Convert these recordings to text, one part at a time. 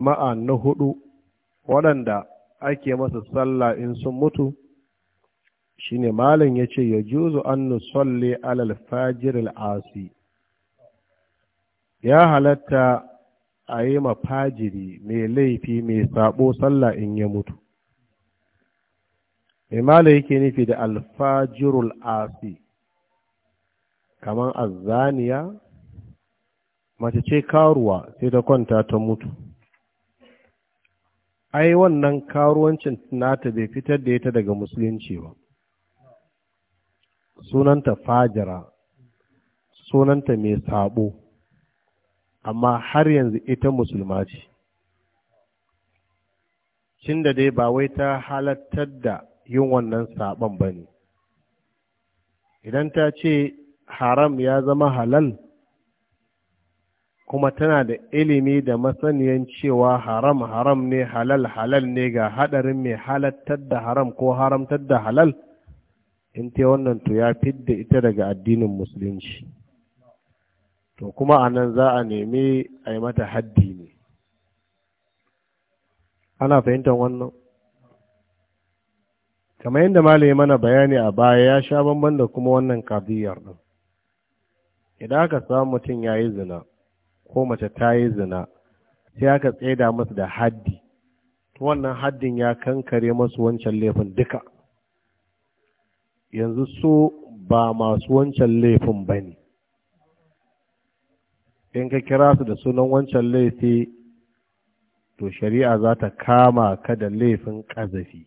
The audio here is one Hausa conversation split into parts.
ma'a na hudu waɗanda ake masa sallah in sun mutu shine malam yace ya juzu an tsalle alal fajir al'asi ya halatta a yi mafajiri mai laifi mai sabo sallah in ya mutu imala yake nufi da alfajirul asi kamar azzaniya mace ce karuwa sai ta kwanta ta mutu ai wannan karuwancin nata bai fitar da ita daga musulunci ba sunanta fajara sunanta mai sabo amma har yanzu ita musulma ce cin da dai ba wai ta halattar da yin wannan saban ba ne idan ta ce haram ya zama halal kuma tana da ilimi da masaniyan cewa haram haram ne halal halal ne ga hadarin mai halattar da haram ko haramtar da halal in te wannan to ya fidda ita daga addinin musulunci to kuma a nan za a nemi a yi mata haddi ne ana fahimtar wannan kamar yadda malami mana bayani a baya ya sha bambam da kuma wannan kadiyar din idan aka samu mutum ya yi zina ko mace ta yi zina sai aka tsaida masu da haddi wannan haddin ya kankare masu wancan laifin duka yanzu so ba masu wancan laifin ba ne in ka kira su da sunan wancan laifi to shari'a za ta kama ka da laifin ƙazafi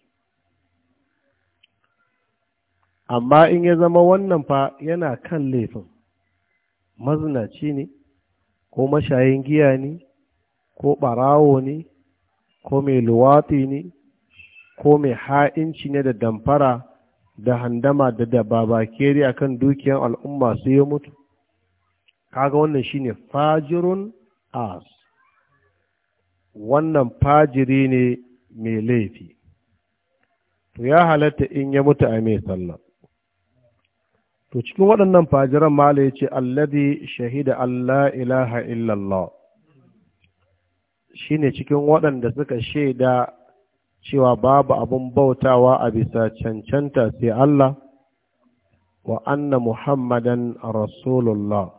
amma in ya zama wannan fa yana kan laifin mazinaci ne ko mashayin giya ne ko ɓarawo ne ko mai luwatsi ne ko mai ha'inci ne da damfara da handama da dababakeri a kan dukiyar al'umma su ya mutu kaga wannan shine fajirun as wannan fajiri ne mai laifi to ya halatta in ya mutu a mai sallah to cikin waɗannan fajiran mala ya ce alladi shahida Allah ilaha illallah shine cikin waɗanda suka shaida cewa babu abun bautawa a bisa cancanta sai Allah wa anna muhammadan rasulullah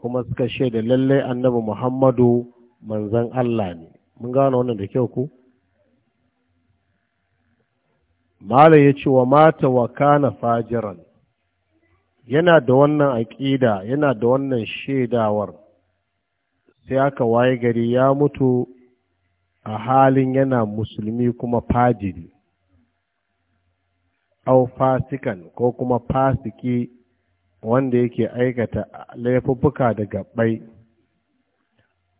kuma suka shaida lallai annabi muhammadu manzan Allah ne mun gano wannan da kyau ku mala ya ce wa mata wa kana fajiran yana da wannan aƙida yana da wannan shaidawar sai aka waye gari ya mutu a halin yana musulmi kuma fajiri au fasikan ko kuma fasiki wanda yake aikata laifuffuka da gabbai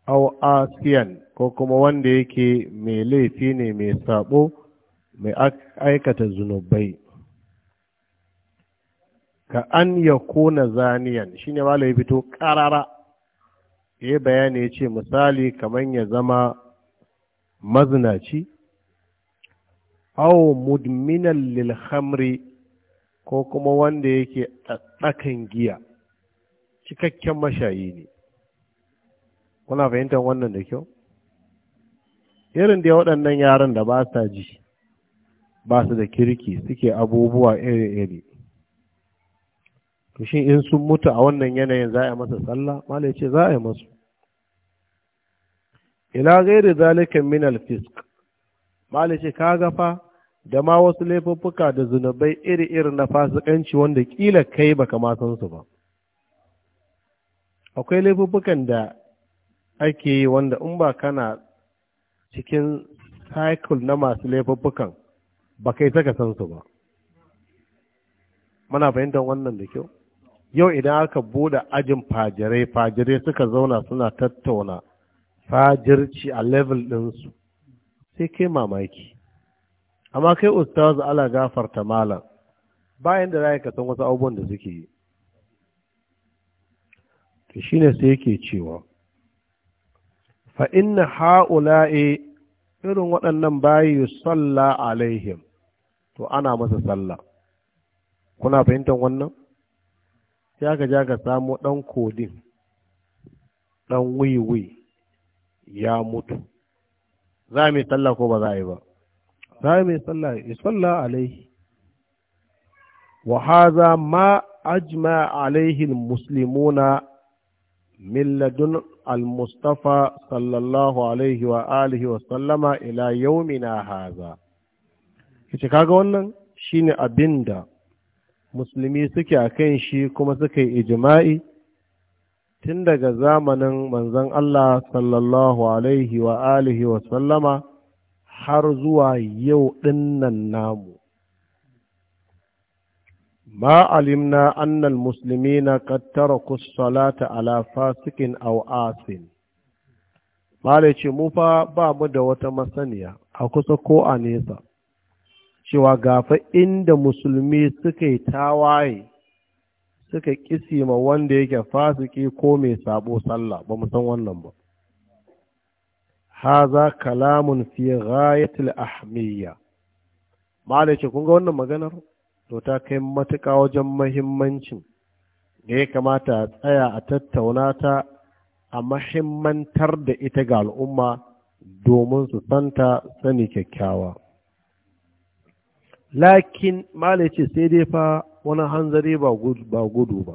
au asiyan ko kuma wanda yake mai laifi ne mai sabo mai aikata zunubai ka an ya kona zaniyan shine malai fito karara ya bayani ya ce misali kamar ya zama mazinaci aw mudminan lilhamri ko kuma wanda yake tsakan giya cikakken mashayi ne kuna fahimtar wannan da kyau irin da waɗannan yaran da ba sa ji ba su da kirki suke abubuwa iri-iri to shi in sun mutu a wannan yanayin za a yi masa sallah mala ce za a yi masu ila gairi zalika min alfisk mala ce ka gafa da ma wasu laifuffuka da zunubai iri-iri na fasikanci wanda kila kai baka ma san su ba akwai laifuffukan da ake yi wanda in ba kana cikin cycle na masu laifuffukan ba kai saka san su ba muna fahimtar wannan da kyau yau idan aka bude ajin fajirai fajirai suka zauna suna tattauna fajirci a level ɗinsu sai kai mamaki amma kai ustaz ala gafarta malam bayan da zai ka san wasu abubuwan da suke yi to shine sai yake cewa fa inna ha'ula'i irin waɗannan bayi salla alaihim to ana masa sallah kuna fahimtar wannan sai aka ja ka samo ɗan kodin ɗan wiwi ya mutu za mu yi sallah ko ba za a yi ba za mu yi sallah ya sallah alaihi wa haza ma ajma alaihi muslimuna min wa المصطفى صلى الله عليه وآله وسلم إلى يومنا هذا kaga wannan shine abinda musulmi suke a kan shi kuma suka yi ijima'i tun daga zamanin manzon Allah sallallahu alaihi wa alihi wa sallama har zuwa yau dinnan namu. Ma alimna annal musulmi na kattara kusalata ala fasikin aw asin. Ma ce mu fa ba mu da wata masaniya a kusa ko a nesa. cewa gafa inda musulmi suka yi tawaye suka kisi ma wanda yake fasiki ko mai sabo sallah ba mu san wannan ba haza kalamun fi ghayatil ahmiya malai ce kun ga wannan maganar to ta kai matuƙa wajen muhimmancin. da ya kamata a tsaya a tattauna ta a mahimmantar da ita ga al'umma domin su santa sani kyakkyawa lakin mala ce sai dai fa wani hanzari ba gudu ba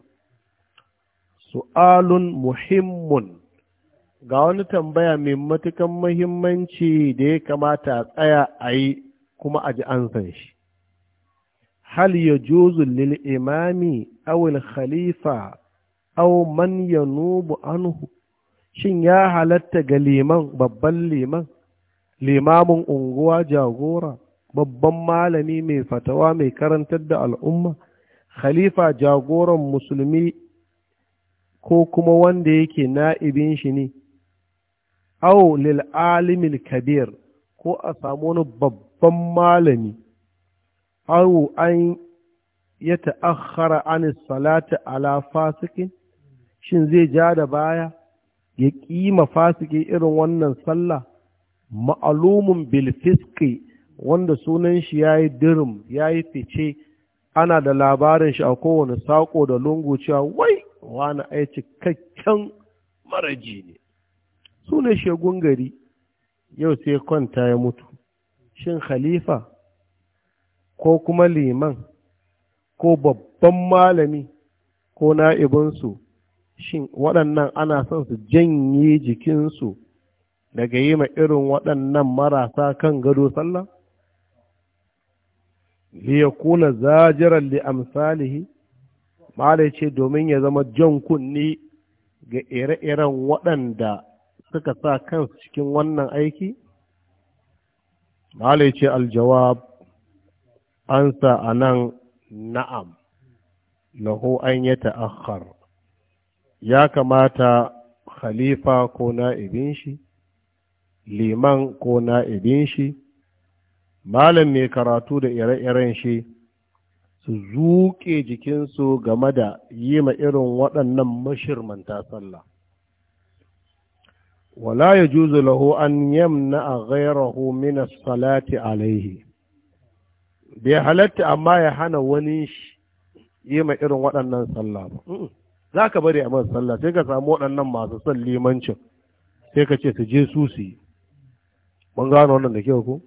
su'alun muhimmun ga wani tambaya mai matukan muhimmanci da ya kamata a tsaya a yi kuma a ji an san shi hal ya juzu lil imami awil khalifa aw man nubu anhu shin ya halatta ga liman babban liman limamin unguwa jagora babban malami mai fatawa mai karantar da al'umma khalifa jagoran musulmi ko kuma wanda yake na'ibin shi ne au lil alimil kabir ko a samu wani babban malami au an ya ta'akhara an salati ala fasikin shin zai ja da baya ya kima fasiki irin wannan sallah ma'alumun bil fiski wanda sunan shi ya yi dirim ya yi fice ana da labarin shi a kowane saƙo da lungu cewa wai wani ai cikakken maraji ne Sunan shegun gari yau sai kwanta ya mutu shin khalifa ko kuma liman ko babban malami ko na'ibinsu shin waɗannan ana son su janye jikinsu daga yi ma irin waɗannan marasa kan gado sallah liyakuna zajiran li amsalihi mala ce domin ya zama jan kunni ga ire-iren waɗanda suka sa kansu cikin wannan aiki mala ce aljawab ansa a nan na'am lahu an ya ta'akhar ya kamata khalifa ko na'ibin shi liman ko na'ibin shi malam mai karatu da ire-iren shi su zuƙe jikinsu game da yi ma irin waɗannan mashirmanta sallah wala ya juzu lahu an yamna a ghairahu min salati alaihi bai halatta amma ya hana wani shi yi ma irin waɗannan sallah ba za ka bari a man sallah sai ka samu waɗannan masu son limancin sai ka ce su je su su yi mun gano wannan da kyau ko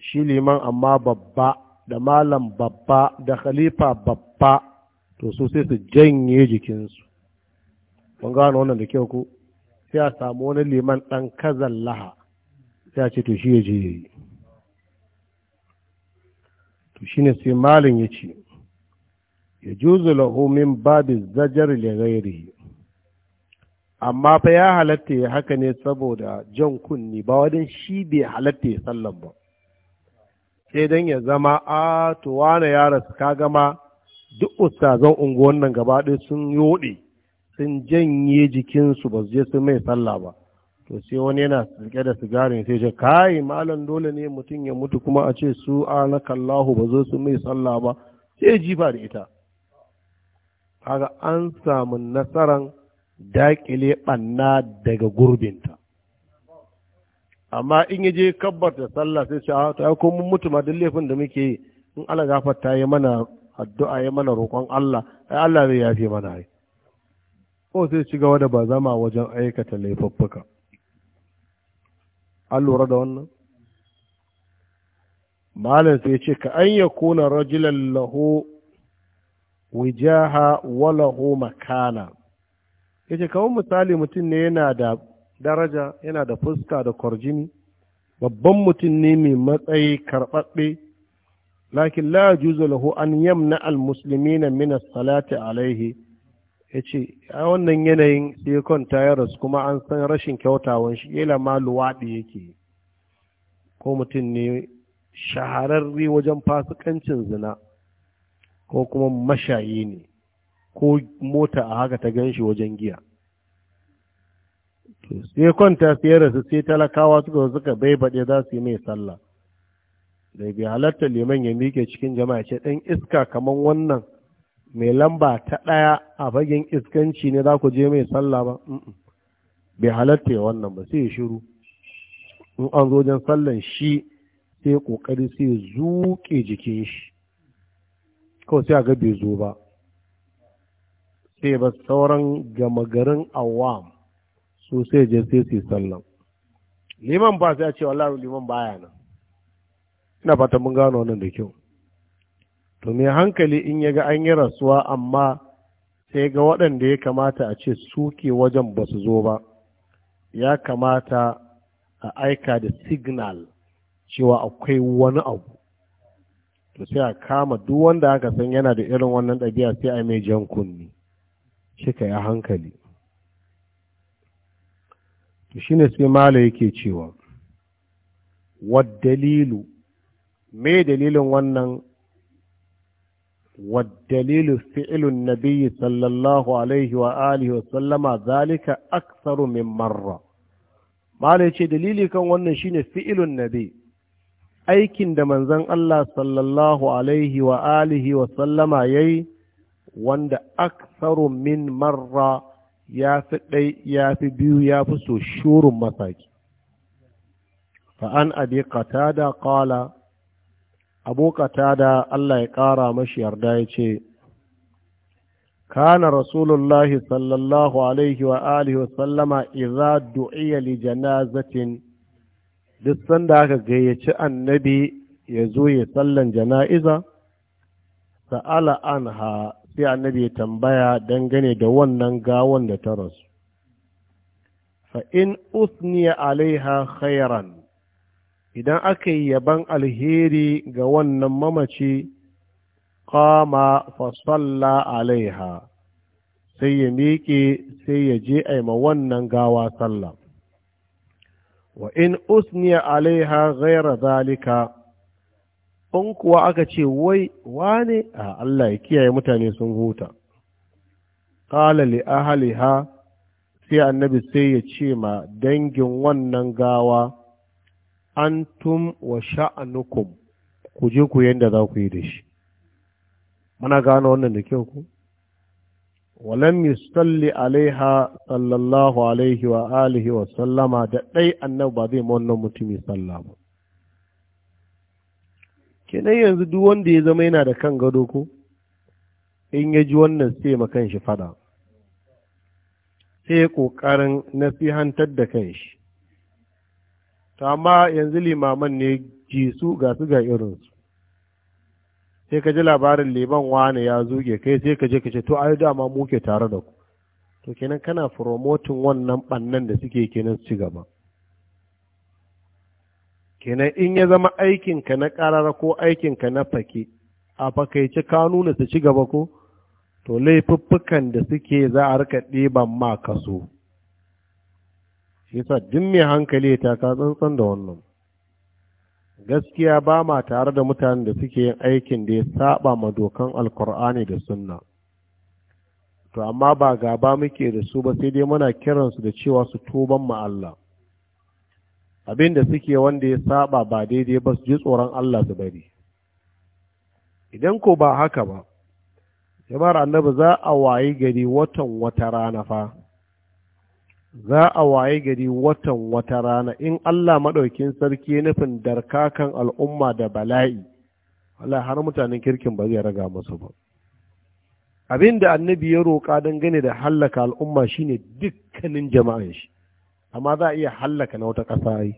shi liman amma babba da malam babba da khalifa babba to su sai su janye jikinsu mun gano wannan da kyau ku. sai a samu wani liman ɗan kazan laha sai a ce to shi ya je ya yi to shi sai malin ya ce ya juzu lahu min zajar lagairi amma fa ya halatta ya haka ne saboda jan kunni ba wadin shi bai halatta ya sallan ba sai don ya zama a tuwana ya rasu ka gama duk ustazan unguwan nan gaba ɗaya sun yoɗe sun janye jikinsu ba su je sun mai sallah ba to sai wani yana rike da sigarin sai ce kai malam dole ne mutum ya mutu kuma a ce su kallahu ba zo su mai sallah ba sai jifa da ita kaga an samu nasaran daƙile ɓanna daga gurbinta amma in ya je kabbar da sallah sai ce a ah, ta ko mun mutu ma duk laifin da muke yi in Allah gafarta yi mana addu'a ya mana roƙon Allah ai Allah zai yafe mana ai ko sai ci gaba da bazama zama wajen aikata laifuffuka an lura da wannan malam sai ce ka an ya rajulan lahu wijaha wa lahu makana yace kawai misali mutum ne yana da daraja yana da fuska da kwarjini babban mutum ne mai matsayi karɓaɓɓe lakin la juzu lahu an yamna al min salati alaihi ce, a wannan yanayin sai kwanta ya kuma an san rashin kyautawan shi ila ma luwaɗi yake ko mutum ne shahararri wajen fasikancin zina ko kuma mashayi ne ko mota a haka ta gan shi wajen giya sai kwanta sai rasu sai talakawa suka suka baibaɗe za su yi mai sallah da bi halatta liman ya miƙe cikin jama'a ce ɗan iska kamar wannan mai lamba ta ɗaya a fagen iskanci ne za ku je mai sallah ba bai halatta ya wannan ba sai ya shiru in an zo wajen sallan shi sai ƙoƙari sai ya zuƙe jikin shi kawai sai a ga bai zo ba sai ba sauran gama garin awam su sai je sai su sallan liman ba sai a ce wallahi liman baya nan ina fata mun gano wannan da kyau to me hankali in ya ga an yi rasuwa amma sai ga waɗanda ya kamata a ce suke wajen ba su zo ba ya kamata a aika da signal cewa akwai wani abu to sai a kama duk wanda aka san yana da irin wannan ɗabi'a sai a mai jan kunni shi ka yi hankali ne sai malo yake cewa wad dalilu me dalilin wannan wad dalilu fi'ilun nabiyyi sallallahu alaihi wa alihi wa sallama zalika aktsaru min marra malo yace dalili kan wannan shine fi'ilun nabi aikin da manzon Allah sallallahu alaihi wa alihi wa sallama yayi wanda aktsaru min marra ya fi ɗai ya fi biyu ya fi so shurin masaki fa'an abi qatada qala abu qatada Allah ya ƙara mashi yarda ya ce kana rasulullahi sallallahu alaihi wa alihi wasallama iza du'iya li janazatin duk sanda aka gayyaci annabi ya zo ya sallan jana'iza sa'ala anha sai annabi ya tambaya dangane da wannan gawon da ta rasu fa in usniya alaiha khairan idan aka yi yaban alheri ga wannan mamaci kama fasalla alaiha sai ya miƙe sai ya je aima wannan gawa sallah wa in usniya alaiha ghaira zalika in kuwa aka ce wai wane a Allah ya kiyaye mutane sun huta qala li ahliha sai annabi sai ya ce ma dangin wannan gawa an antum wa sha'anukum ku je ku yanda za ku yi da shi muna gano wannan da kyau ku walam yusalli alaiha sallallahu alaihi wa alihi wa sallama da ɗai annabi ba zai ma wannan mutumi sallama kenan yanzu duk wanda ya zama yana da kan gado ko in ya ji wannan sai ma shi fada sai ƙoƙarin nasihantar da shi. ta amma yanzu limaman ne ji su ga su ga irinsu sai ka ji labarin liman wani ya zuge kai sai ka je ka ce to ai dama muke tare da ku to kenan kana promoting wannan bannan da suke kenan su ci gaba kenan in ya zama aikinka na ƙarara ko aikinka na fake a fakaici ka nuna su ci gaba ko to laifuffukan da suke za a rika ɗiban ma kaso shi sa duk mai hankali ta ka tsantsan da wannan gaskiya ba ma tare da mutanen da suke yin aikin da ya saba ma dokan alkur'ani da sunna to amma ba gaba muke da su ba sai dai muna kiransu da cewa su tuban ma Allah abin da suke wanda ya saba ba daidai ba su ji tsoron Allah su bari idan ko ba haka ba jama'ar annabi za a waye gari watan wata rana fa za a waye gari watan wata rana in Allah maɗaukin sarki nufin darkakan al'umma da bala'i Allah har mutanen kirkin ba zai raga musu ba abin da annabi ya roƙa dangane da hallaka al'umma shine dukkanin jama'an shi amma za a iya hallaka na wata ƙasa yi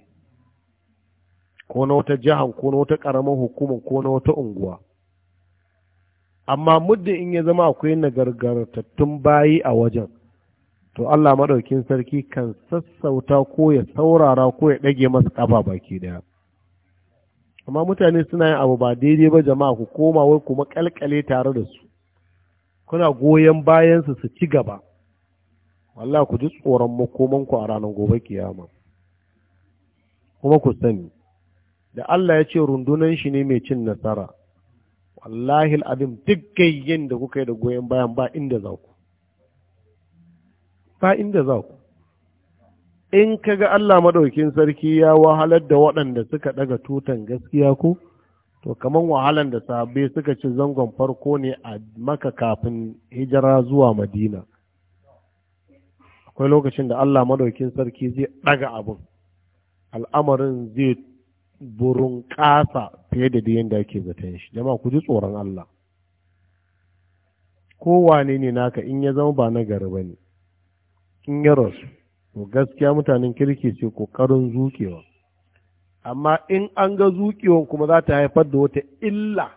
ko na wata jihan, ko na wata ƙaramin hukuma, ko na wata unguwa amma muddin in ya zama akwai nagargartattun bayi a wajen to Allah maɗaukin sarki kan sassauta ko ya saurara ko ya ɗage masa ƙafa baki daya amma mutane suna yin abu ba daidai ba jama'a ku koma wai kuma ƙalƙale tare da su kuna goyon bayansu su ci gaba wallah ku ji tsoron makomanku a ranar gobe kiyama kuma ku sani da Allah ya ce rundunan shi ne mai cin nasara wallahi al'adim duk gayyen da kuka yi da goyon bayan ba inda za ku ba inda za ku in ka ga Allah madaukin sarki ya wahalar da waɗanda suka ɗaga tutan gaskiya ku to kamar wahalar da sahabbai suka ci zangon farko ne a maka kafin hijira zuwa madina akwai lokacin da Allah madaukin sarki zai ɗaga abin al'amarin zai burin ƙasa fiye da yadda ake zaton shi jama'a ku ji tsoron Allah kowane ne naka in ya zama ba na gari ba ne in ya rasu to gaskiya mutanen kirki ce ƙoƙarin zuƙewa amma in an ga zuƙewan kuma za ta haifar da wata illa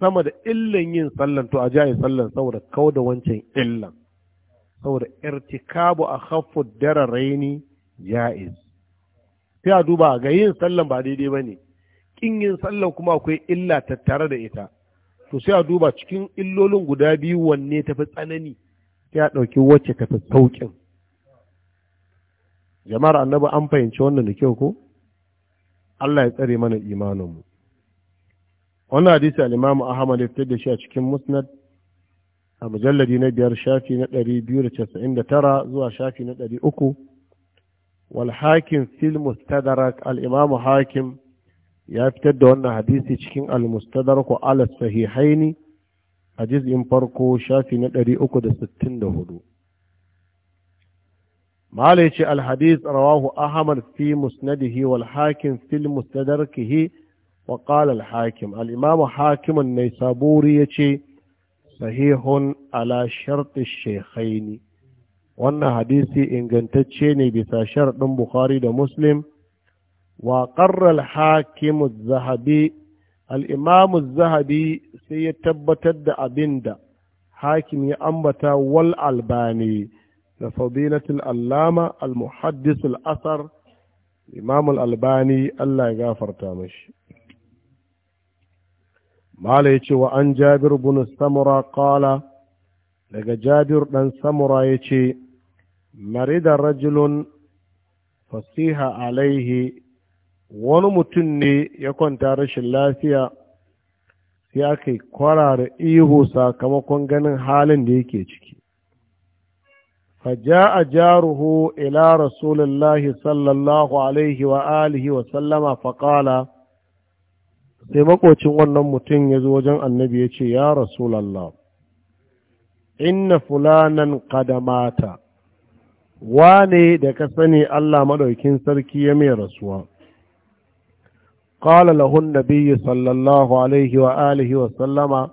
sama da illan yin sallan to a ji a yi sallan saboda kau da wancan illan saboda irtikabu a khaffu dararaini ja'iz sai a duba ga yin sallan ba daidai ba ne "Ƙin yin sallan kuma akwai illa tattare da ita to sai a duba cikin illolin guda biyu wanne tafi tsanani sai a ɗauki wacce fi sauƙin jama'ar annabi an fahimci wannan da kyau ko Allah ya tsare mana imaninmu wannan hadisi al-Imam Ahmad ya fitar da shi a cikin Musnad a mujalladi na biyar shafi na ɗari biyu da casa'in da tara zuwa shafi na ɗari uku walhakin fil mustadarak al'imamu hakim ya fitar da wannan hadisi cikin al-mustadarku ala sahihaini a jiz'in farko shafi na ɗari uku da sittin da hudu malai ce alhadis rawahu ahmad fi musnadihi wal hakim fil mustadarkihi wa ƙalal hakim al imamu mai saburi ya ce. sahihun ala sharti shekhaini wannan hadisi ingantacce ne bisa sharɗin bukhari da muslim wa ƙarrar hakimu zahabi al'imamu zahabi sai ya tabbatar da abin da hakim ya ambata wal albani da fadilatul allama al-muhaddis al-asar imam al-albani allah ya gafarta mashi mala ya ce wa an jabir bin samura kala daga jabir ɗan samura ya ce marida rajulun fasiha alaihi wani mutum ne ya kwanta rashin lafiya sai aka yi kwarara ihu sakamakon ganin halin da yake ciki فجاء jaruhu ila rasulullahi sallallahu alaihi wa alihi wa sallama faƙala. sai makocin wannan mutum ya zo wajen annabi ya ce ya rasulallah inna fulanan kadamata wane da ka sani Allah maɗaukin sarki ya mai rasuwa ƙwala lahun nabiyyu sallallahu alaihi wa alihi wa sallama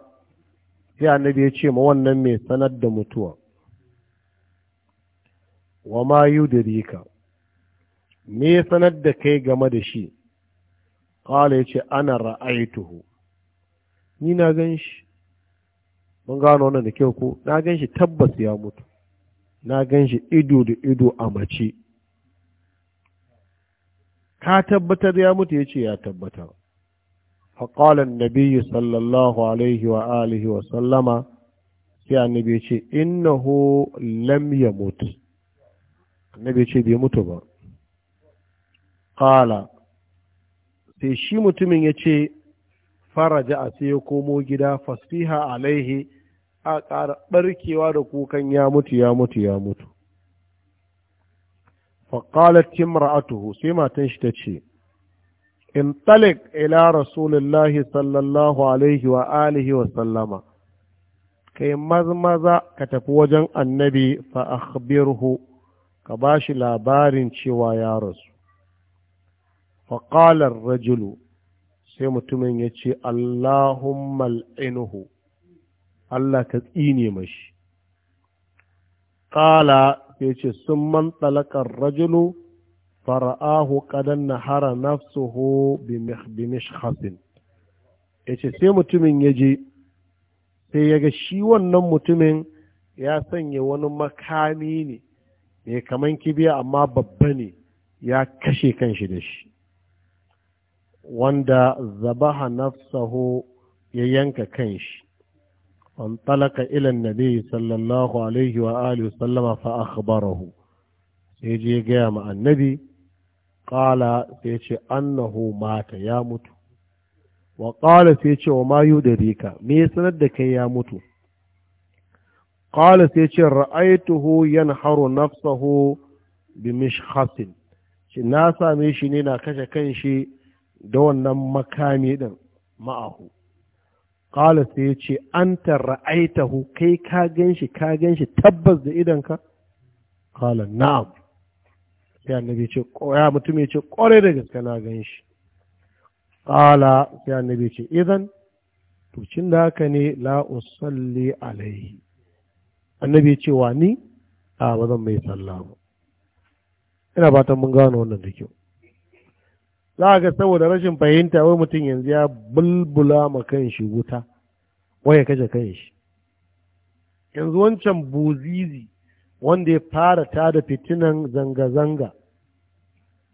sai annabi ya ce ma wannan mai sanar da mutuwa wa ma yi da rika me sanar da kai game da shi ya ce ana ra'aituhu ni na gan shi mun gano wannan da kyau ko na gan shi tabbas ya mutu na gan shi ido da ido a mace ka tabbatar ya mutu ya ce ya tabbatar فقال النبي sallallahu alaihi wa وآله wa sallama sai annabi ce innahu lam ya mutu annabi ce bai mutu ba ƙala sai shi mutumin ya ce faraja a sai ya komo gida fasfiha alaihi a ƙara ɓarkewa da kukan ya mutu ya mutu ya mutu faƙalar atuhu sai matan shi ta ce in talik ila rasulullahi sallallahu alaihi wa alihi wa sallama kai mazmaza ka tafi wajen annabi fa akhbirhu ka ba shi labarin cewa ya rasu faƙalar rajulu sai mutumin ya ce Allahumma al'inuhu Allah ka tsine mashi ƙala ya ce sun man talakar rajulu farahu ƙadan nahara nafsuhu bimishhasin sai mutumin ya je sai ya shi wannan mutumin ya sanya wani makami ne mai kaman kibiya amma babba ne ya kashe kanshi da shi wanda zabaha nafsahu ya yanka kanshi talaka ilan nabi sallallahu alaihi wa alihi sallama fa akhbarahu sai je gaya ma annabi qala sai ce annahu mata ya mutu wa qala sai ce wa mayu da rika me sanar da kai ya mutu qala sai ce ra'aituhu yanharu nafsahu bi mishhasin shi na same shi ne na kashe kanshi da wannan makami ɗin ma'ahu ƙala sai ya ce an ra'aitahu kai ka gan shi ka gan shi tabbas da idanka ƙala na'am sai annabi ce ya mutum ya ce ƙwarai da gaske na gan shi ƙala sai annabi ce idan to cin da haka ne la usalli alaihi annabi wa ni a ba zan mai sallah ba ina fatan mun gano wannan da kyau za ga saboda rashin fahimta wai mutum yanzu ya bulbula ma kan shi wuta wai ya kashe kan shi yanzu wancan buzizi wanda ya fara ta da fitinan zanga-zanga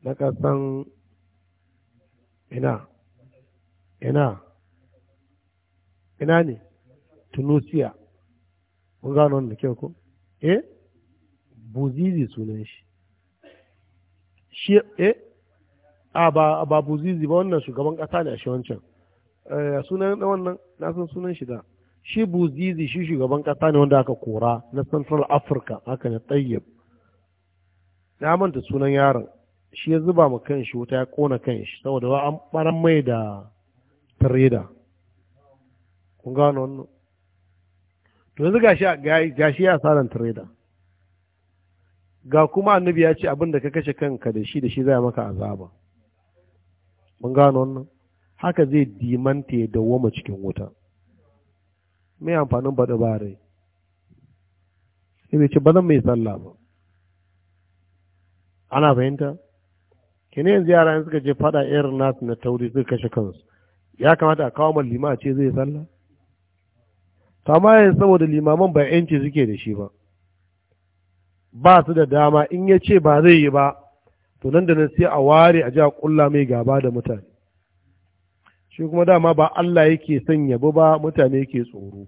na kasan ina ina ina ne tunisia kun gano wanda kyau ko eh buzizi sunan shi shi eh a ba ba buzizi ba wannan shugaban kasa ne a shi wancan eh, sunan wannan na san sunan shi da shi buzizi shi shugaban kasa ne wanda aka kora na central africa haka na tsayyab na manta sunan yaron shi ya zuba ma kan shi wuta ya kona kan shi saboda ba an baran mai da tareda kun gano wannan to yanzu gashi ya saran tareda ga kuma annabi ya ce abin da ka kashe kanka da shi da shi zai maka azaba mun gano wannan haka zai dimanta ya dawoma cikin wuta mai amfanin baɗi ba rai sai bai ce ba zan mai tsalla ba ana fahimta kene yanzu yara suka je fada irin nasu na tauri suka kashe kansu ya kamata a kawo lima a ce zai sallah Ta ma yanzu saboda limaman ba yanci suke da shi ba ba su da dama in ya ce ba zai yi ba to nan da nan sai a ware a ji a ƙulla mai gaba da mutane shi kuma dama ba Allah yake son yabo ba mutane yake tsoro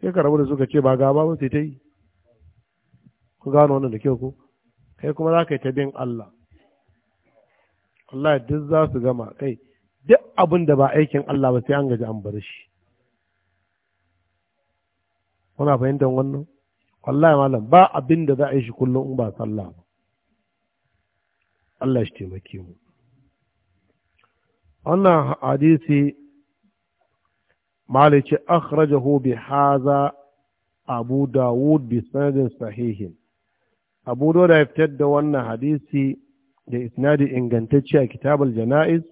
sai ka rabu da suka ce ba gaba ba sai ta yi ku gano wannan da kyau ko kai kuma za ka yi ta bin Allah Allah duk za su gama kai duk abin da ba aikin Allah ba sai an gaji an bar shi kuna fahimtar wannan wallahi malam ba abin da za a yi shi kullum in ba sallah ba Allah shi taimake mu wannan hadisi malice akhrajahu bi haza abu dawud bi sanadin sahihin abu dawud ya fitar da wannan hadisi da isnadi ingantacce a kitabul jana'iz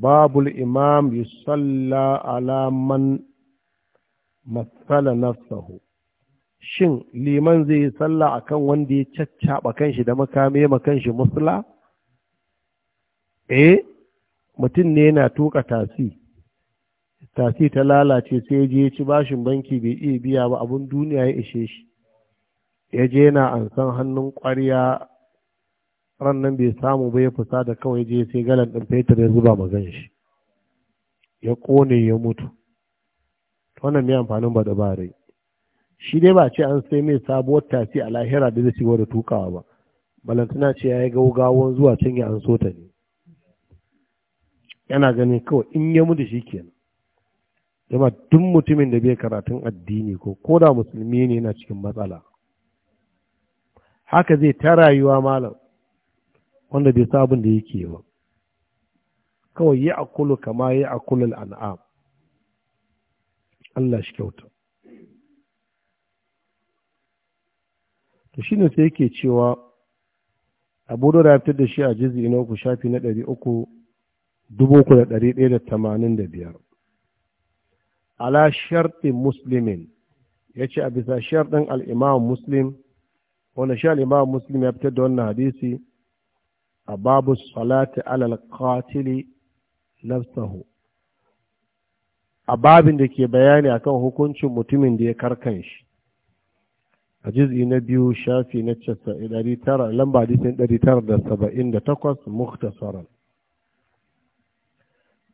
babul imam yusalla ala man matsala nafsahu shin liman zai yi sallah akan wanda ya caccaɓa kanshi da makame makanshi musula eh mutum ne yana tuka tasi tasi ta lalace sai ya je ya ci bashin banki bai iya biya ba abun duniya ya ishe shi ya je yana ansan hannun kwarya ran bai samu ba ya fusa da kawai je sai galan ɗin fetur ya zuba magan shi ya kone ya mutu wannan mai amfanin ba da ba shi dai ba ce an sai mai sabuwar tasi a lahira da zai shigo da tukawa ba balantana ce ya yi gaugawan zuwa can ya an so ta ne yana ganin kawai in ya mudu shi kenan jama duk mutumin da bai karatun addini ko ko da musulmi ne yana cikin matsala haka zai ta rayuwa malam wanda bai sabon da yake ba kawai yi akulu kama yi akulu an'am Allah shi kyauta to shine sai yake cewa abu da fitar da shi a jizi na uku shafi na ɗari uku dubu uku da ɗari ɗaya da tamanin da biyar ala sharɗin muslimin ya ce a bisa sharɗin al'imam muslim wanda shi al'imam muslim ya fitar da wannan hadisi a babu salati alal qatili nafsahu a babin da ke bayani akan hukuncin mutumin da ya karkan shi a juz'i na biyu shafi na tara lamba hadisin 978 muktasaran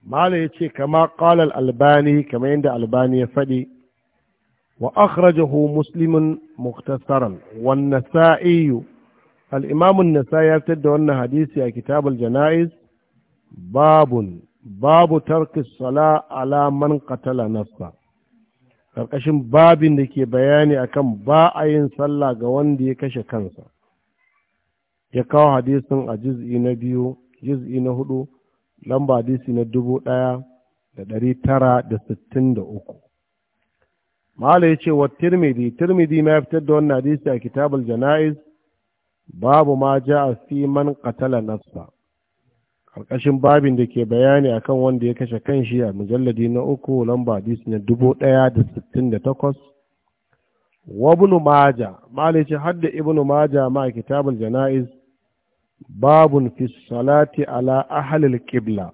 mala ya ce kama ƙalal albani kama yadda albani ya faɗi wa akhrajahu muslimun muktasaran wannan sa'iyu al'imamun nasa ya fitar da wannan hadisi a kitabul jana'iz babun babu tarki sala ala man qatala nafsa ƙarƙashin babin da ke bayani akan ba a yin sallah ga wanda ya kashe kansa ya kawo hadisin a juz'i na biyu juz'i na hudu lamba hadisi na dubu ɗaya da ɗari tara da sittin da uku Malam ya ce wa tirmidhi tirmidhi ma ya fitar da wannan hadisi a kitabul jana'iz babu ma a fi man katala nafsa ƙarƙashin babin da ke bayani akan wanda ya kashe kan shi a mujalladi na uku lamba hadis na dubu ɗaya da sittin da takwas wa ibnu maja malici har ibnu maja ma a kitabul jana'iz babun fi salati ala ahlil qibla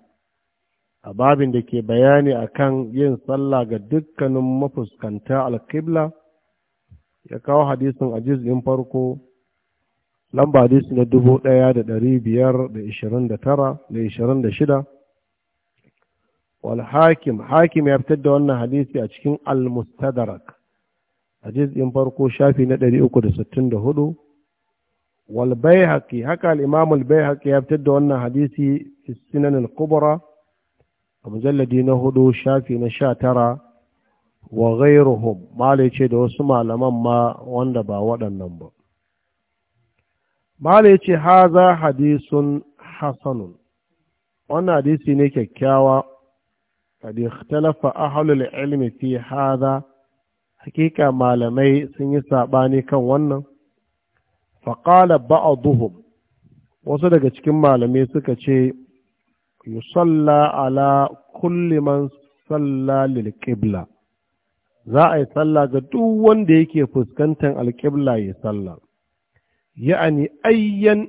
a babin da ke bayani akan yin sallah ga dukkanin mafuskanta Al-Qibla, ya kawo hadisin a juz'in farko lamba hadisi na dubu ɗaya da ɗari biyar da ishirin da tara da ishirin da shida walhakim hakim ya fitar da wannan hadisi a cikin al-mustadrak hadis ɗin farko shafi na ɗari uku da sittin da hudu walbai haka al-imam ya fitar da wannan hadisi fi al a mujalladi na hudu shafi na sha tara wa ghairuhum malai ce da wasu malaman ma wanda ba waɗannan ba mala ya ce haza hadisun hasanun wannan hadisi ne kyakkyawa a halin أهل fi في هذا hakika malamai sun yi saɓani kan wannan faƙala ba'aduhum wasu daga cikin malamai suka ce yusalla ala kulliman salla lil za a yi salla ga duk wanda yake fuskantar alƙibla ya salla. ya'ani ayyan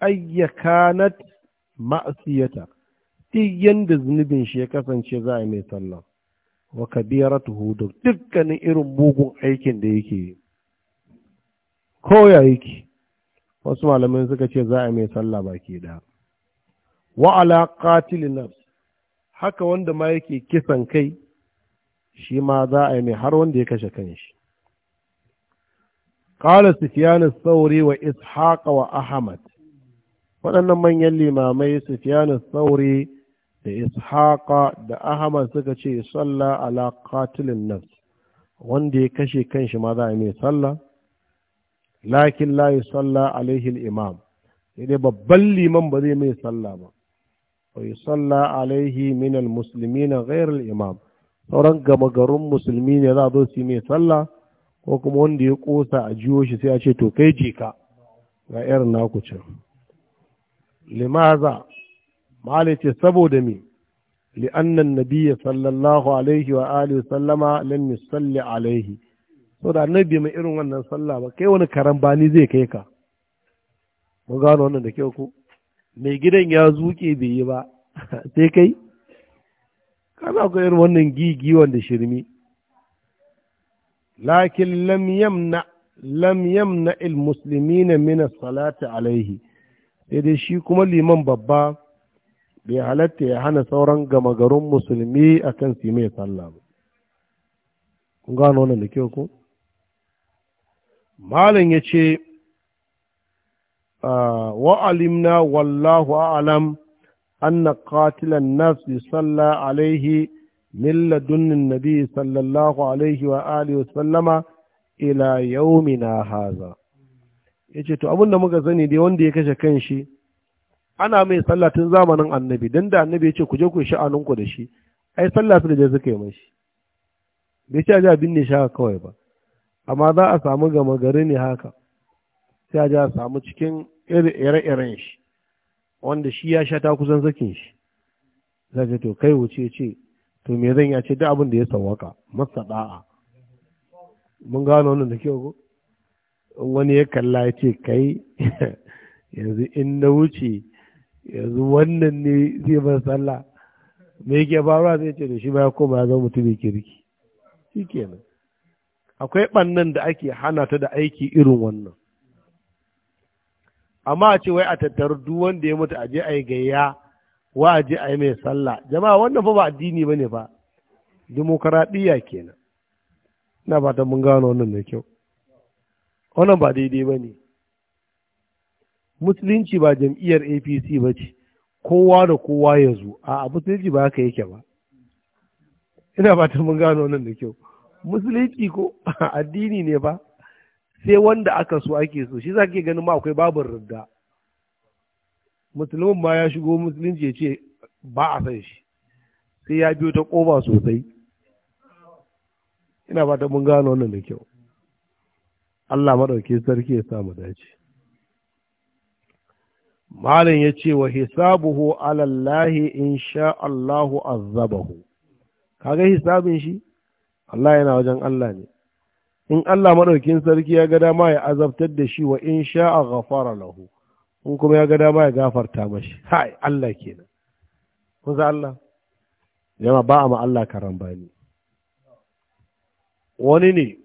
ayyakanat ma'asiyata duk zunubin shi ya kasance za a mai sallah wa kabiratuhu da dukkanin irin mugun aikin da yake yi koya yake wasu malamai suka ce za a mai sallah baki da wa ala qatil haka wanda ma yake kisan kai shi ma za a yi mai har wanda ya kashe kanshi kala sufyan ath-thawri wa ishaq wa ahmad waɗannan manyan limamai sufyan sauri thawri da ishaqa da ahmad suka ce salla ala qatilin nafs wanda ya kashe kanshi ma za a mai sallah lakin la yusalla alaihi imam sai dai babban limam ba zai mai sallah ba wa yusalla alaihi min almuslimina ghayr imam sauran gama garin musulmi ne za a zo su mai sallah ko kuma wanda ya kosa a jiwo shi sai a ce to kai je ka ga irin naku can limaza malai ce saboda me li'annan nabiyya sallallahu alaihi wa alihi sallama lam yusalli alaihi da nabi mai irin wannan sallah ba kai wani karambani zai kai ka mun gano wannan da kyau ko mai gidan ya zuke bai yi ba sai kai kana ga irin wannan gigi wanda shirmi lakin lam yamna lam na almuslimina min alaihi sai dai shi kuma liman babba bai halarta ya hana sauran gama garin musulmi akan su mai sallah ba kun gano da kyau ko malam ya ce wa'alimna wallahu a'alam anna qatilan nafsi salla alaihi min ladunnin nabi sallallahu alaihi wa alihi wa sallama ila yaumina haza yace to abin da muka sani dai wanda ya kashe kanshi ana mai sallah tun zamanin annabi dan da annabi yace ku je ku sha'anin ku da shi ai sallah su da je suka yi mashi bai ce a binne shi haka kawai ba amma za a samu gama gari ne haka sai a ji a samu cikin ire-iren shi wanda shi ya sha ta kusan sakin shi zai to kai wuce ce to me zan ya ce duk abin da ya sawaka masa da'a mun gano wannan da kyau ko wani ya kalla ya ce kai yanzu in na wuce yanzu wannan ne zai bar sallah me yake faruwa zai ce da shi ba ya koma ya zama mutum kirki shi kenan akwai ɓannan da ake hana ta da aiki irin wannan amma a ce wai a tattaru duk wanda ya mutu a je a yi gayya wa a je a yi mai sallah jama'a wannan fa ba addini bane ba dimokuraɗiyya kenan ina fatan mun gano wannan da kyau wannan ba daidai ba ne musulunci ba jam'iyyar apc ba ce kowa da kowa ya zo a musulunci ba haka yake ba ina fatan mun gano wannan da kyau musulunci ko addini ne ba sai wanda aka so ake so shi za ke ganin ma akwai babin rigga musulmin ma ya shigo musulunci ya ce ba a san shi sai ya biyo ta koba sosai ina ba ta mun gano wannan da kyau Allah madauke sarki ya samu dace Malam ya ce wa hisabuhu alallahi in sha Allahu azabahu kaga hisabin shi Allah yana wajen Allah ne in Allah maɗaukin sarki ya ga dama ya azabtar da shi wa in sha'a ghafara lahu in kuma ya ga dama ya gafarta mashi hai Allah kenan kun Allah jama ba a ma Allah bani wani ne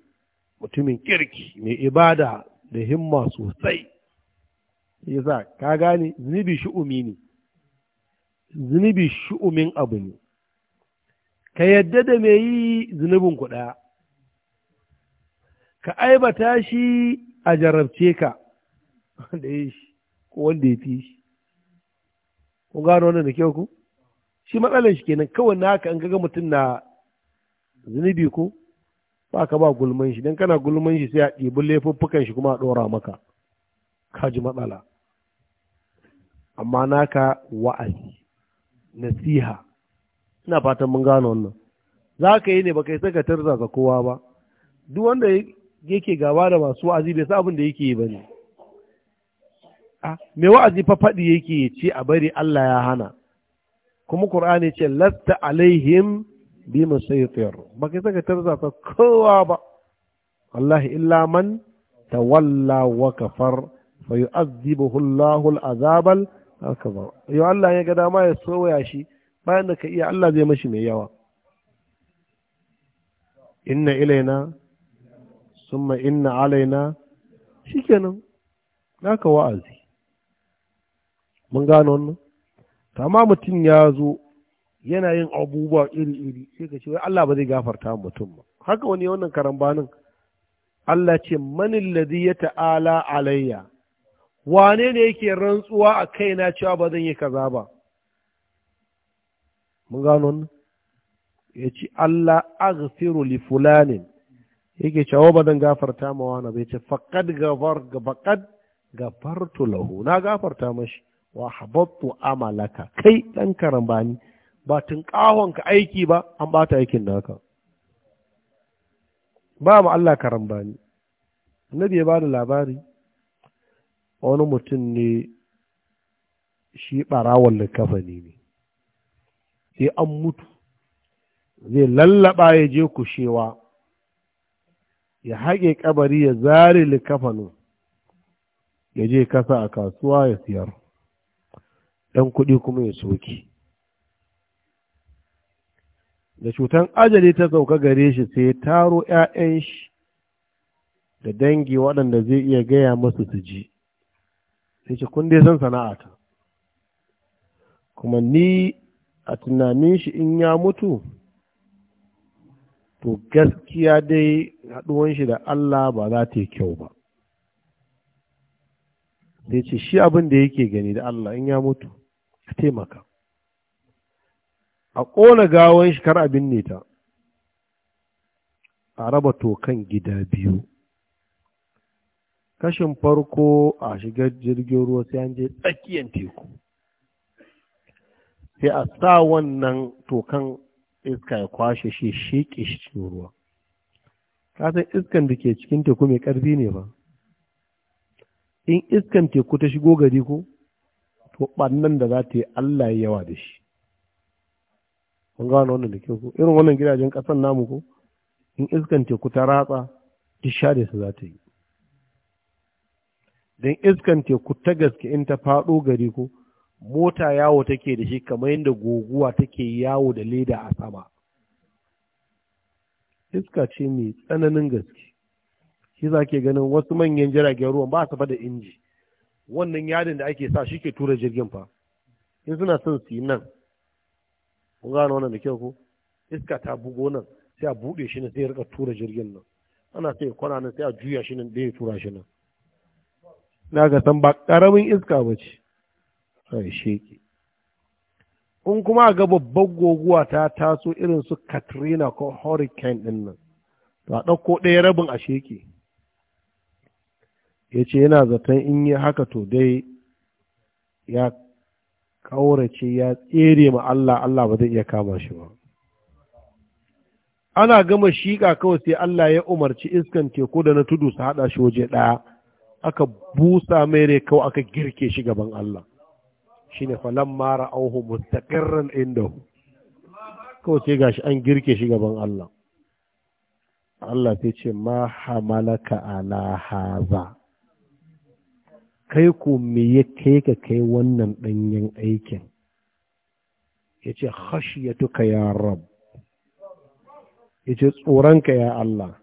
mutumin kirki mai ibada da himma sosai yasa ka gane zunubi shu'umi ne zunubi shu'umin abu ne ka yadda da mai yi zunubin kuɗa ka aibata shi a jarabce ka da yi shi ko wanda ya fi shi gano wannan da kyau ku shi matsalar shi kenan kawai na haka an kaga mutum na zunubi ko ba ka ba gulman shi dan kana gulman shi sai a ɗibi laifuffukan shi kuma a ɗora maka ka ji matsala amma naka wa'azi nasiha ina fatan mun gano wannan za ka yi ne ba kai saka tarza ga kowa ba duk wanda yake gaba da masu wa'azi bai sa abin da yake yi ba ne Me wa'azi fa faɗi yake ya ce a bari Allah ya hana kuma Qur'ani ce lasta alaihim bi musaytir ba kai saka tarza ka kowa ba wallahi illa man tawalla wa kafar fa yu'adhibuhu Allahu al-azab al-akbar yo Allah ya ga dama ya soya shi bayan da ka iya Allah zai mashi mai yawa inna ilaina summa inna alaina shikenan naka wa'azi mun gano wannan amma mutum ya zo yana yin abubuwa iri-iri sai ka ce wai Allah ba zai gafarta mutum ba haka wani wannan karambanin Allah ce mani ladhi ya ta'ala alayya wane ne yake rantsuwa a kaina cewa ba zan yi kaza ba mun gano wannan ya ce Allah aghfiru li fulanin yake cewa ba zan gafarta ma wani bai ce faqad gafar faqad gafartu lahu na gafarta mashi wa habattu amalaka kai ɗan karambani ba tun ka aiki ba an bata aikin naka ba mu Allah karambani annabi ya ba da labari wani mutum ne shi ɓarawon likafani ne sai an mutu zai lallaba ya je kushewa ya haƙe kabari ya zare likafanin ya je kasa a kasuwa ya siyar ɗan kuɗi kuma ya soke da cutan ajali ta sauka gare shi sai taro 'ya'yan shi da dangi waɗanda zai iya gaya masu su ji sai ce kun dai san ta. kuma ni a tunanin shi in ya mutu to gaskiya dai haɗuwan shi da Allah ba za ta yi kyau ba sai ce shi abin da yake gani da Allah in ya mutu a taimaka a ƙona gawon shi kar a binne ta a raba tokan gida biyu kashin farko a shigar jirgin ruwa sai an je tsakiyar teku sai a sa wannan tokan iska ya kwashe shi shi cikin ruwa kasan iskan da ke cikin teku mai ƙarfi ne ba in iskan teku ta shigo gari ko to ɓannan da za ta yi Allah ya yawa da shi kun gano wannan da kyau ko irin wannan gidajen ƙasan namu ko in iskan teku ta ratsa duk da su za ta yi don iskan teku ta gaske in ta faɗo gari ko mota yawo take da shi kamar yadda guguwa take yawo da leda a sama iska ce mai tsananin gaske shi za ke ganin wasu manyan jiragen ruwan ba su da inji wannan yadin da ake sa shi ke tura jirgin fa in suna son su yi nan kun gano wannan da kyau ko iska ta bugo nan sai a buɗe shi ne sai ya rika tura jirgin nan ana sai kwana nan sai a juya shi nan ya tura shi nan na ga san ba ƙaramin iska ba ce sai sheki in kuma a ga babbar goguwa ta taso irin su katrina ko hurricane ɗin nan to a ɗauko ɗaya rabin a sheki ya ce yana zaton in yi haka to dai ya ƙaurace ya tsere ma Allah Allah ba zai iya kama shi ba ana gama shiƙa kawai sai Allah ya umarci iskan teku da na tudu su haɗa shi waje ɗaya aka busa mai rai kawai aka girke shi gaban Allah shi ne falon mara auhu mustaƙirran inda kawai sai gashi an girke shi gaban Allah Allah sai ce ma hamalaka ala haza kai ko me ya kai ka kai wannan ɗanyen aikin ya ce tuka ya rab ya ce tsoronka ya Allah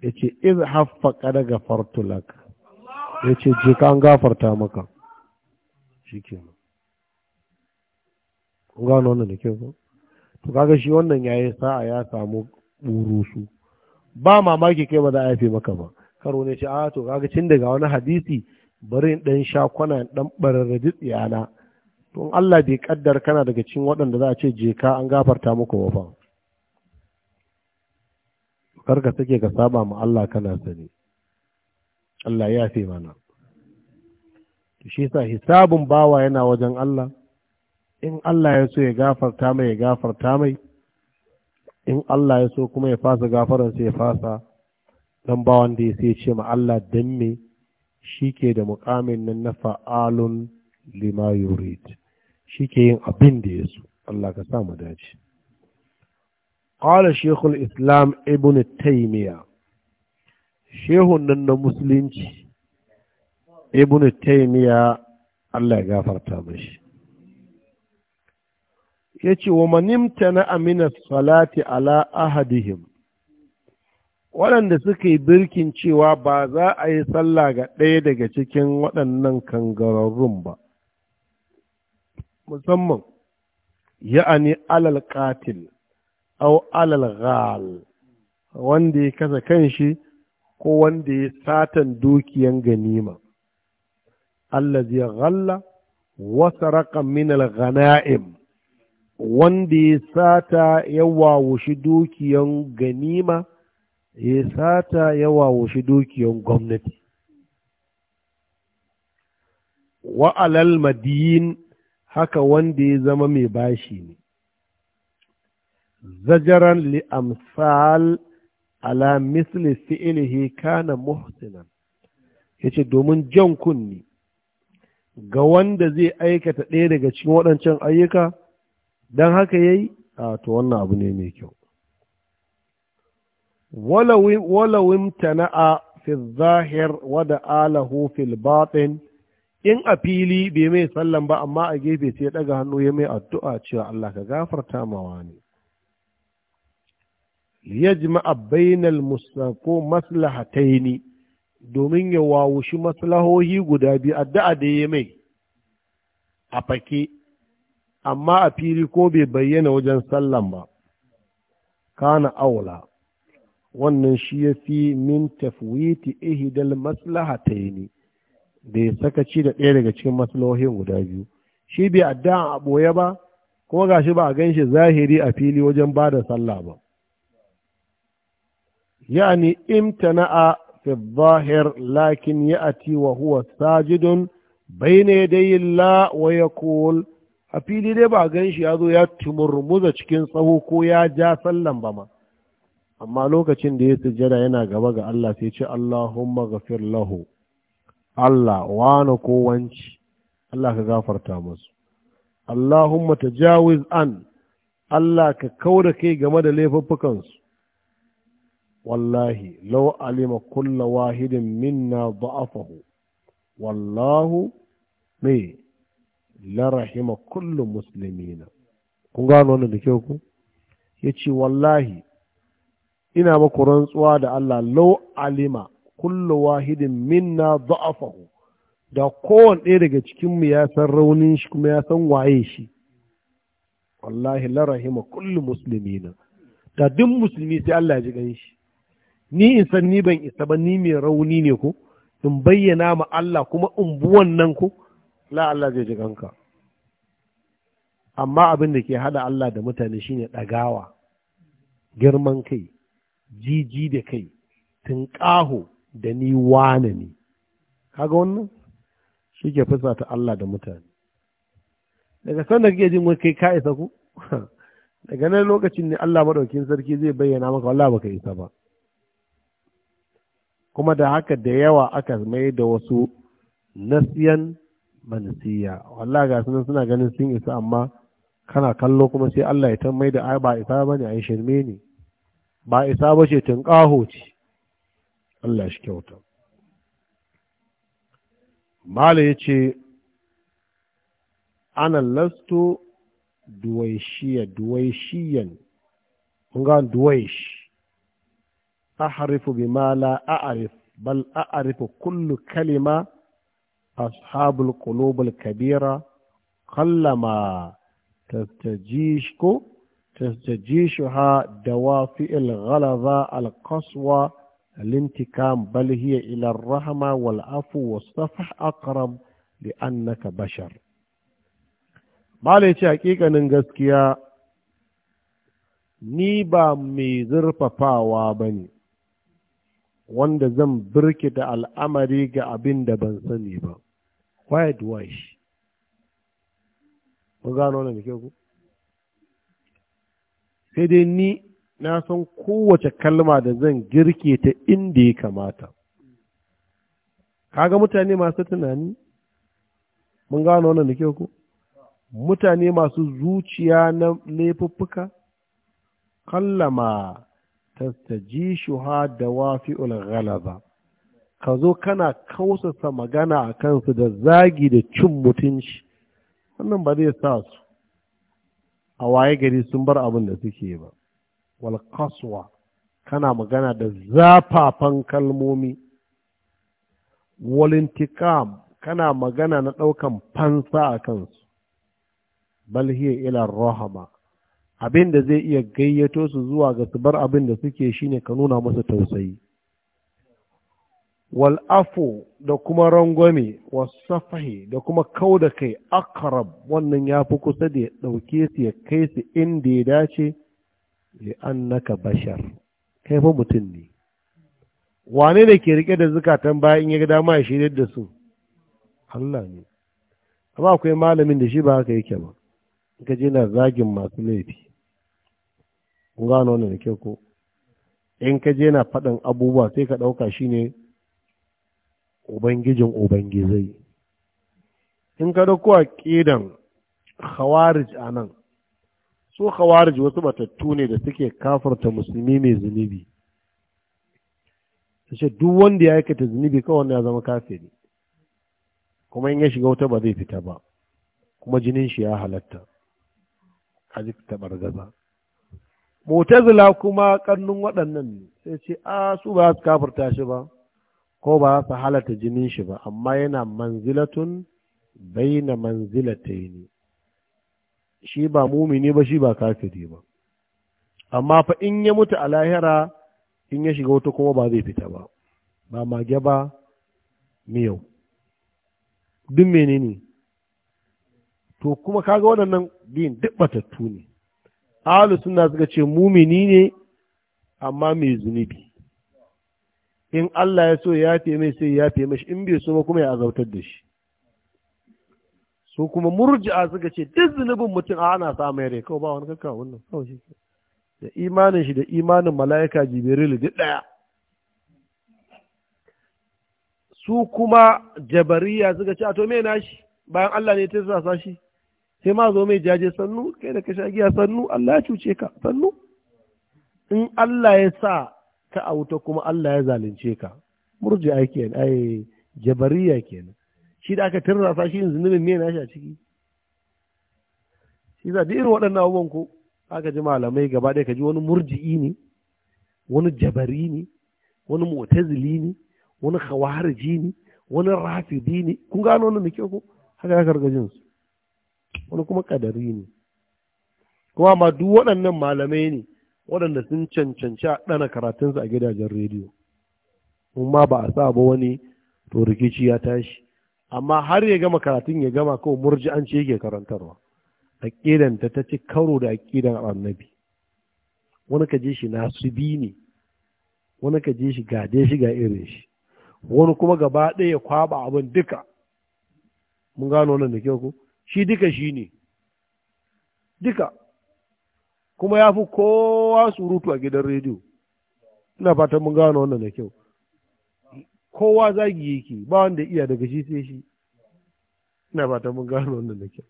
ya ce iz haffa ga gafartulak ya ce je ka an gafarta maka shi ke kun gano wannan da kyau ko to kaga shi wannan ya yi sa'a ya samu burusu ba mamaki kai ba za a yafe maka ba karo ne ce a to kaga cin daga wani hadisi bari in ɗan sha kwana in ɗan bararraji tsiyana to in Allah bai kaddar kana daga cikin waɗanda za a ce je ka an gafarta muku wa fa karka take ka saba ma Allah kana sani Allah ya fi mana to shi yasa hisabun bawa yana wajen Allah in Allah ya so ya gafarta mai ya gafarta mai in Allah ya so kuma ya fasa gafaran ya fasa dan bawan da ya sai ce ma Allah dan me shi ke da mukamin nan na fa'alun lima yurid shi ke yin abin da ya su, Allah ka sa mu dace qala shekul islam ibn taymiya shehun nan na musulunci ibn taymiya Allah ya gafarta mashi yace wa manimta na amina salati ala ahadihim waɗanda suka yi birkin cewa ba za a yi sallah ga ɗaya daga cikin waɗannan kangararrun ba musamman ya'ani alal qatil au alal ghal wanda ya kasa kan shi ko wanda ya satan dukiyan ganima allazi ghalla wasa saraqa minal ghanaim wanda ya sata ya wawushi dukiyan ganima ya sata yawa washi dukiyar gwamnati alal madin haka wanda ya zama mai bashi ne zajaran li amsal ala misli fi'lihi kana muhsinan yace domin jan kunni ga wanda zai aikata ɗaya daga cikin waɗancan ayyuka don haka yayi a to wannan abu ne mai kyau walawin tana'a fi zahir wada alahu fil batin in a fili bai mai sallan ba amma a gefe sai daga hannu ya mai addu'a cewa Allah ka gafarta mawa ne liyajma'a bainal musako maslahataini domin ya wawushi maslahohi guda biyu addu'a da ya mai a fake amma a fili ko bai bayyana wajen sallan ba kana aula wannan shi ya fi min tafwiti maslahatai maslahataini da ya ci da ɗaya daga cikin maslahohin guda biyu shi bai adda a ɓoye ba kuma gashi ba a gan shi zahiri a fili wajen ba da sallah ba yani imtana'a fi zahir lakin ya'ti wa huwa sajidun bayna dai la wa yaqul a fili dai ba a gan shi ya zo ya tumurmuza cikin tsaho ko ya ja sallan ba ma amma lokacin da ya sujjada yana gaba ga Allah sai ce Allahumma ghafir lahu Allah wani kowanci Allah ka gafarta masu Allahumma tajawiz an Allah ka kauda kai game da laifuffukansu wallahi law alima kulla wahidin minna da'afahu wallahu me la rahima kullu muslimina kun gano wannan da kyau ku yace wallahi ina maku rantsuwa da Allah lau alima kullu wahidin minna da'afahu da kowane ɗaya daga cikinmu ya san raunin shi kuma ya san waye shi wallahi la rahima kullu muslimina da duk musulmi sai Allah ji gan shi ni in san ni ban isa ba ni mai rauni ne ko in bayyana ma Allah kuma in bu wannan ko la Allah zai ji ganka amma abin da ke hada Allah da mutane shine dagawa girman kai jiji da kai tunƙaho da ni wane ne kaga wannan shi ke ta Allah da mutane daga sanda kake jin wani kai ka isa ku daga nan lokacin ne Allah maɗaukin sarki zai bayyana maka wallahi baka isa ba kuma da haka da yawa aka mai da wasu nasiyan manasiya wallahi ga sunan suna ganin sun isa amma kana kallo kuma sai Allah ya maida mai da ai ba isa bane ai shirme ne ba isa ba ce tunƙaho ce, Allah shi kyauta. Mala ya ce, Ana lasto duwaishiya, duwaishiyan, ƙunga duwaish, a harifu bi mala a arif, bal a arifu kullu kalima ashabul kulobul kabira, kallama ta ta ko? تستجيشها دوافئ الغلظة القسوة الانتقام بل هي إلى الرحمة والعفو والصفح أقرب bashar. بشر malaici hakikanin gaskiya ni ba mai zurfafawa ba ne wanda zan birkita al'amari ga abin da ban sani ba quiet sai dai ni na san kowace kalma da zan girke ta inda ya kamata ga mutane masu tunani mun gano wannan da kyau ku mutane masu zuciya na laifuffuka kallama staji shuha da wafi'ul ghalaba ka zo kana kausasa magana a kansu da zagi da cin mutunci wannan ba zai sa su a waye gari sun bar abin da suke ba wal kaswa kana magana da zafafan kalmomi walintikam kana magana na ɗaukan fansa a kansu bal hiya ila rahama abin da zai iya gayyato su zuwa ga su bar abin da suke shine ka nuna musu tausayi wal'afu da kuma rangwame wasafahi da kuma kau da kai akarab wannan ya fi kusa da ya ɗauke su ya kai su inda ya dace naka bashar kai fa mutum ne wane da ke rike da zukatan bayan ya ga dama ya shirya da su Allah ne amma akwai malamin da shi ba haka yake ba ka je na zagin masu laifi kun gano wani da ke ko in ka je na faɗin abubuwa sai ka ɗauka shi ne ubangijin ubangizai in ka da ƙidan hawarij khawarij nan so Hawarij wasu batattu ne da suke kafarta musulmi mai zunubi Sashe duk wanda ya aikata zunubi kawai ya zama kafiri kuma in ya shiga wuta ba zai fita ba kuma jinin shi ya halatta kaji tabar gaza mutazila kuma ƙarnin waɗannan ne sai ce a ah, su ba su kafarta shi ba ko ba za su halata jinin shi ba amma yana manzilatun baina ne shi ba mumini ba shi ba kafiri ba amma fa in ya mutu a lahira in ya shiga wata kuma ba zai fita ba ba mage ba miyau duk menene to kuma kaga waɗannan biyun duk batattu ne ahalu suna suka ce mumini ne amma mai zunubi in Allah ya so ya yafe mai sai ya yafe mashi in bai so ba kuma ya azautar da shi su kuma murji'a suka ce duk zunubin mutum a ana sa mai rai kawai ba wani kakka wannan kawai shi da imanin shi da imanin mala'ika jibril duk daya su kuma jabariya suka ce a to nashi bayan Allah ne ta sa shi sai ma zo mai jaje sannu kai da ka sha giya sannu Allah ya cuce ka sannu in Allah ya sa ka a wuta kuma Allah ya zalunce ka Murji kenan ai jabariya kenan shi da aka tarrasa shi zunubin me nashi a ciki shi za da irin waɗannan abubuwan ko aka ji malamai gaba ɗaya ka ji wani murji'i ne wani jabari ne wani mu'tazili ne wani khawariji ne wani rafidi ne kun gano wannan da kyau ko haka aka riga jin su wani kuma kadari ne kuma ma duk waɗannan malamai ne waɗanda sun cancanci a ɗana karatunsu a gidajen rediyo in ma ba a sa ba wani to rikici ya tashi amma har ya gama karatun ya gama kawai murji an ce yake karantarwa a ta ta ci karo da aƙidan annabi wani ka je shi bi ne wani ka je shi gade shi ga irin shi wani kuma gaba ɗaya ya kwaba abin duka mun gano wannan da kyau ko shi duka shi ne duka kuma ya fi kowa surutu a gidan rediyo ina fatan mun gano wannan da kyau kowa zagi yake ba wanda iya daga shi sai shi ina fatan mun gano wannan da kyau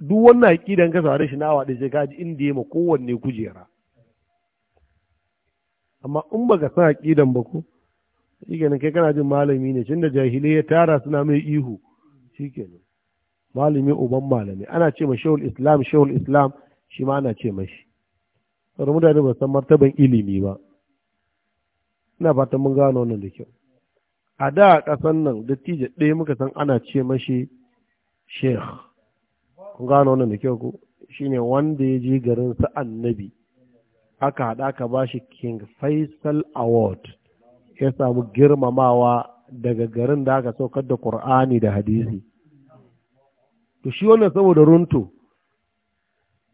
duk wannan aƙidan ka sare shi na awa shi ka inda ya ma kowanne kujera amma in baka san aƙidan ba ko shikenan kai kana jin malami ne tunda jahilai ya tara suna mai ihu shikenan malami uban malami ana ce ma shehul islam shehul islam shi ma ana ce mashi wani mutane ba san martaban ilimi ba ina fatan mun gano wannan da kyau a da a ƙasan nan dattijo ɗaya muka san ana ce mashi sheikh kun gano wannan da kyau ku. Shi ne wanda ya je garin sa annabi aka haɗa aka ba shi king faisal award ya samu girmamawa daga garin da aka saukar da Kur'ani da hadisi to shi wannan saboda Runtu.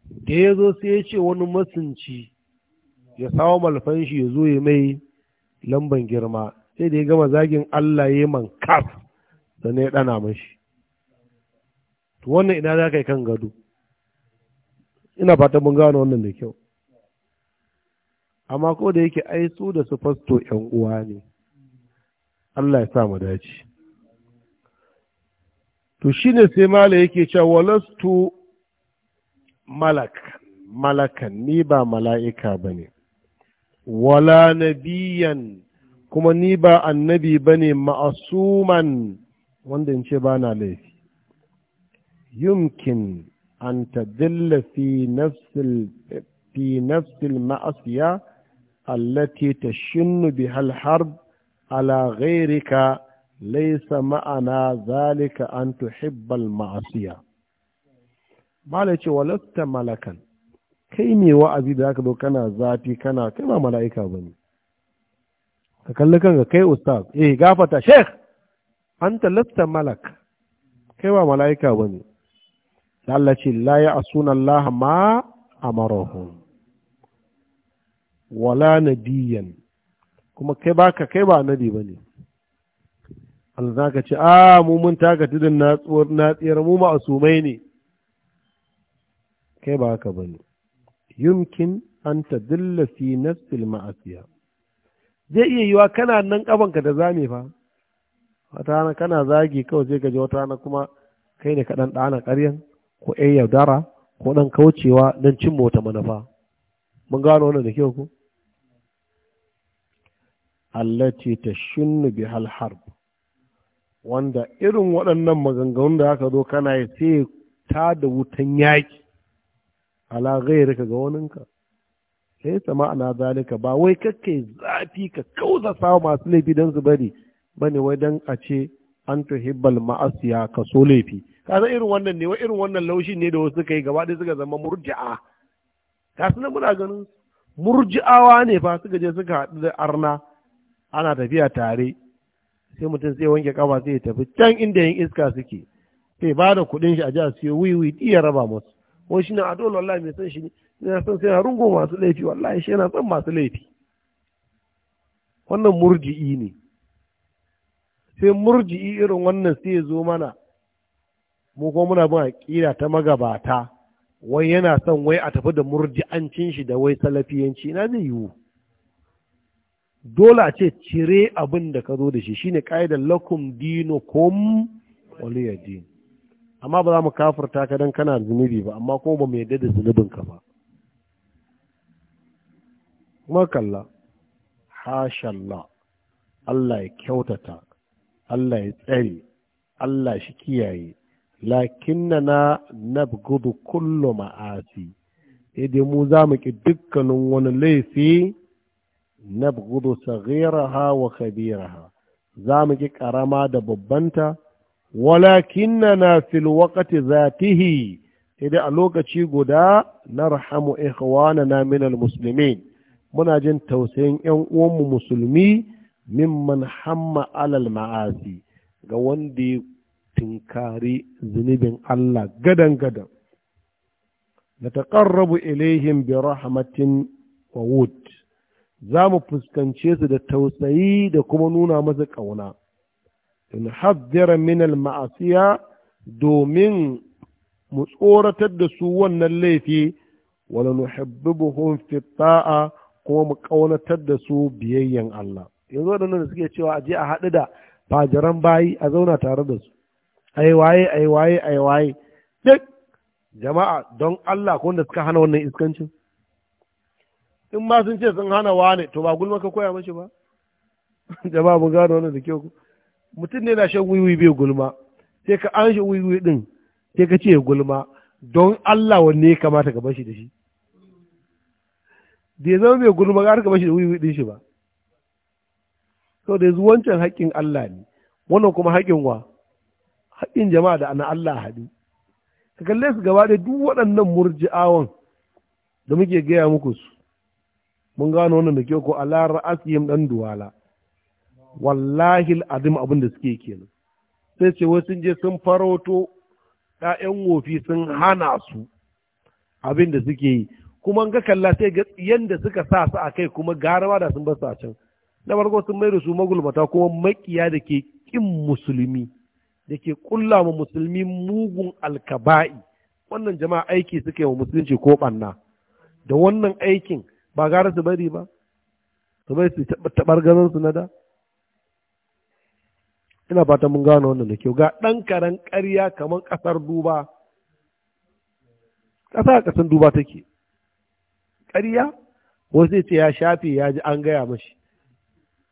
da ya zo sai ya ce wani masunci ya sawo malfan shi ya zo ya mai lamban girma sai da ya gama zagin Allah ya man kaf sannan ya ɗana mashi to wannan ina za ka yi kan gado ina fatan mun gano wannan da kyau amma ko da yake ai su da su fasto 'yan uwa ne Allah ya sa mu dace to shine sai mala yake cewa walastu ملك ملك نيبا ملائكة بني ولا نبيا كما نيبا النبي بني معصوما وندن شبانا ليه يمكن أن تدل في نفس ال... في نفس المعصية التي تشن بها الحرب على غيرك ليس معنا ذلك أن تحب المعصية malai ce Lasta malakan kai ne wa'azi da zaka zo kana zafi kana kai ba mala'ika ba ne. ka kalli kanka kai ustaz eh gafata sheikh anta lasta malak kai ba mala'ika ne Allah ce la ya asuna Allah ma amarahum wala nabiyan kuma kai baka kai ba nabi ne. Allah zaka ce a ah, mu mun taka tudun natsuwar natsiyar mu asumai ne kai ba haka ba ne yumkin an ta dilla fi nafsil ma'asiya zai iya yiwa kana nan ƙafanka da zame fa wata rana kana zagi kawai zai gaji wata rana kuma kai ne kaɗan ɗana ƙaryan ko ɗan yaudara ko ɗan kaucewa don cin mota manufa mun gano wannan da kyau ko allati tashunnu bi hal harb wanda irin waɗannan maganganun da aka zo kana yi sai ta da wutan yaki? ala ghairika ga waninka sai ta ma'ana zalika ba wai kakkai zafi ka kauza sa masu laifi don su bari bane wai dan a ce an tuhibbal ma'asiya ka so laifi Ka san irin wannan ne wai irin wannan laushi ne da wasu kai gaba ɗaya suka zama murji'a ka san muna ganin murji'awa ne fa suka je suka haɗu da arna ana tafiya tare sai mutum sai wanke kafa sai ya tafi can inda yin iska suke sai ba da kuɗin shi a ji a siyo wiwi iya raba musu wai shi na ah, dole wallahi mai son shi ne yana son sai rungo masu laifi wallahi shi yana son masu laifi wannan murji'i ne sai murji'i irin wannan sai ya zo mana mu kuma muna bin aƙida ta magabata wai yana son wai a tafi da murji'ancin shi da wai salafiyanci na zai yiwu dole a ce cire abin da ka zo da shi shine ƙa'idar lakum dinukum waliyadin amma ba za mu kafirta ka don kana zunubi ba amma kuma ba mu yadda zunubin ka ba kuma kalla hashalla Allah ya kyautata Allah ya tsare Allah shi kiyaye na nabgudu kullu ma'asi idan mu za mu ki dukkanin wani laifi nabgudu saghiraha wa kabiraha za mu ki karama da babbanta walakinna fil wakati zatihi idan a lokaci guda na ikhwana na min almuslimin muna jin tausayin yan uwanmu musulmi mimman hamma alal ma'asi ga wanda ya tinkari zunubin Allah gadan gadan na taqarrabu ilaihim bi rahmatin wa wud za mu fuskance su da tausayi da kuma nuna masa ƙauna nuhaddira min al-ma'asiya domin mu tsoratar da su wannan laifi wala nuhibbuhum fi ta'a kuma mu kaunatar da su biyayyen Allah yanzu da nan suke cewa aje a haɗu da fajiran bayi a zauna tare da su ai waye ai waye ai waye duk jama'a don Allah ko wanda suka hana wannan iskancin in ma sun ce sun hana wane to ba gulma ka koya mashi ba jama'a mun gano wannan da kyau mutum ne na shan wiwi bai gulma sai ka an shi wiwi din sai ka ce gulma don Allah wanne ya kamata ka bashi da shi da ya zama bai gulma har ka bashi da wiwi din shi ba Sau da yanzu wancan haƙƙin Allah ne wannan kuma haƙƙin wa haƙƙin jama'a da ana Allah haɗu ka kalle su gaba da duk waɗannan murji'awan da muke gaya muku su mun gano wannan da kyau ko ala ra'asihim dan duwala wallahi azim abin da suke kenan sai ce wasu sun je sun faroto ɗayan wofi sun hana su abin da suke yi kuma ga kalla sai ga suka sa su a kai kuma garawa da sun basu a can na farko sun mai da su magulmata kuma makiya da ke ƙin musulmi da ke ƙulla wa musulmi mugun alkaba'i wannan jama'a aiki suka yi wa musulunci ko ɓanna da wannan aikin ba gara su bari ba su bai su taɓar su na da ina fata mun gano wannan da kyau ga ɗan karen ƙarya kamar ƙasar duba ƙasa a ƙasar duba take ƙarya wasu ce ya shafe ya ji an gaya mashi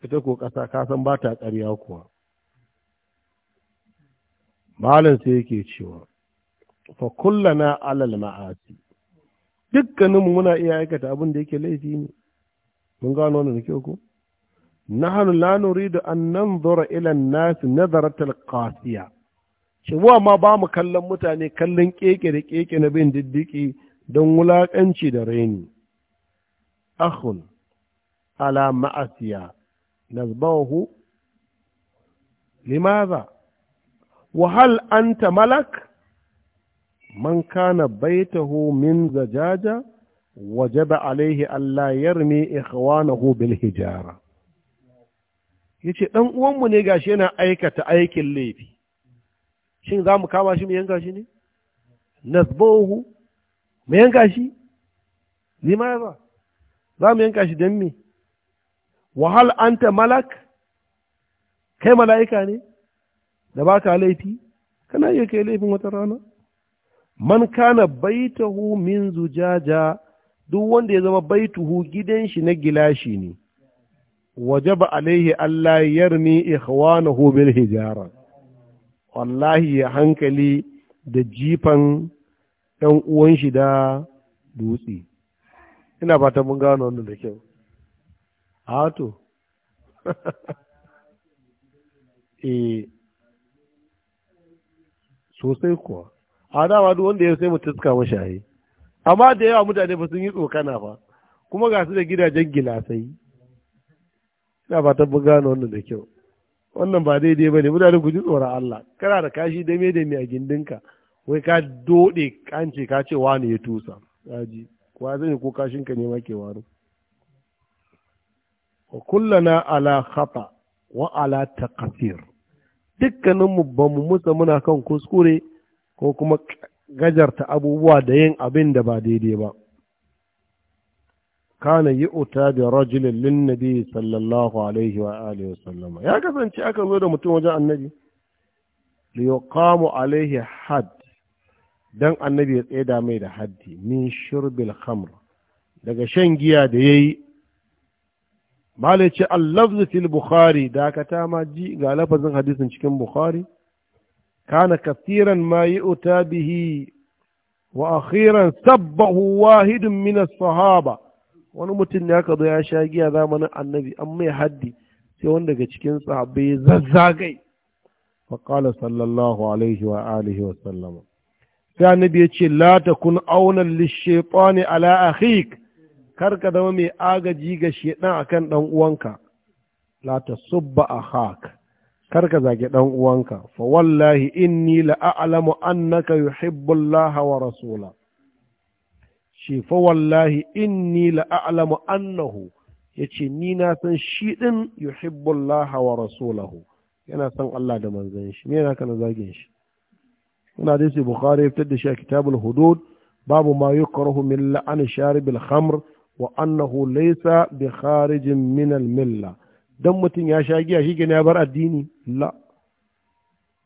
ita ko ƙasa ka san ba ta ƙarya kuwa malam sai yake cewa fa na alal ma'asi dukkaninmu muna iya aikata abin da yake laifi ne mun gano wannan da kyau ko nahnu la nuridu an nanzura ila an-nas nazarat al-qasiya wa ma ba mu kallon mutane kallon keke da keke na bin diddiki don wulaƙanci da raini akhun ala ma'asiya nazbahu limaza Wahal anta malak man kana baitahu min zajaja wajaba alaihi allah yarmi ikhwanahu bil hijara ya ce ɗan uwanmu ne gashi yana aikata aikin laifi shin za mu kama shi mu yanka shi ne nasbohu mu yanka shi lima ba za mu yanka shi don me wahal anta malak kai mala'ika ne da ba ka laifi kana iya kai laifin wata rana man kana baitahu min zujaja duk wanda ya zama baituhu gidan shi na gilashi ne wajaba alaihi Allah يرمي ikhwanahu bil hijara wallahi ya hankali da jifan ɗan uwan shi da dutse ina mun gano da kyau to e sosai kuwa a dama duk wanda ya sai mu tuska mashaye amma da yawa mutane ba sun yi tsokana ba kuma ga su da gidajen gilasai ina ba buga gano wannan da kyau wannan ba daidai ba ne mutane ku ji tsoron Allah kana da kashi da me da me a gindinka wai ka dode kance ka ce wani ya tusa kaji kuwa zai ko kashin ka ne ma ke waro wa kullana ala khata wa ala taqsir dukkanin mu ba mu musa muna kan kuskure ko kuma gajarta abubuwa da yin abin da ba daidai ba kana yi uta da rajulun linnabi sallallahu alaihi wa alihi ya kasance aka zo da mutum wajen annabi liyuqamu alaihi had dan annabi ya tseda mai da haddi min shurbil khamr daga shan giya da yayi malai ce allafzu fil bukhari dakata ma ji ga lafazin hadisin cikin bukhari kana kasiran ma yu'ta bihi wa akhiran sabbahu wahidun min as-sahaba wani mutum ya ka zo ya sha giya zamanin annabi an mai haddi sai wanda daga cikin sahabbai zazzagai faƙala sallallahu alaihi wa alihi wa sallama sai annabi ya ce la ta kun auna lishaitani ala akhik kar ka zama mai agaji ga shedan akan dan uwanka la ta tasubba akhak kar ka zage dan uwanka fa wallahi inni la a'lamu annaka yuhibbu allaha wa rasula ce fa wallahi inni la'alamu annahu ya ni na san shi ɗin yuhibbullaha wa rasulahu yana san Allah da manzan shi me yana na zagin shi ina da shi bukhari ya fitar da shi a kitabul hudud babu ma yukrahu min la'an sharibil khamr wa annahu laysa bi kharijin min al milla dan mutum ya sha giya shi gina ya bar addini la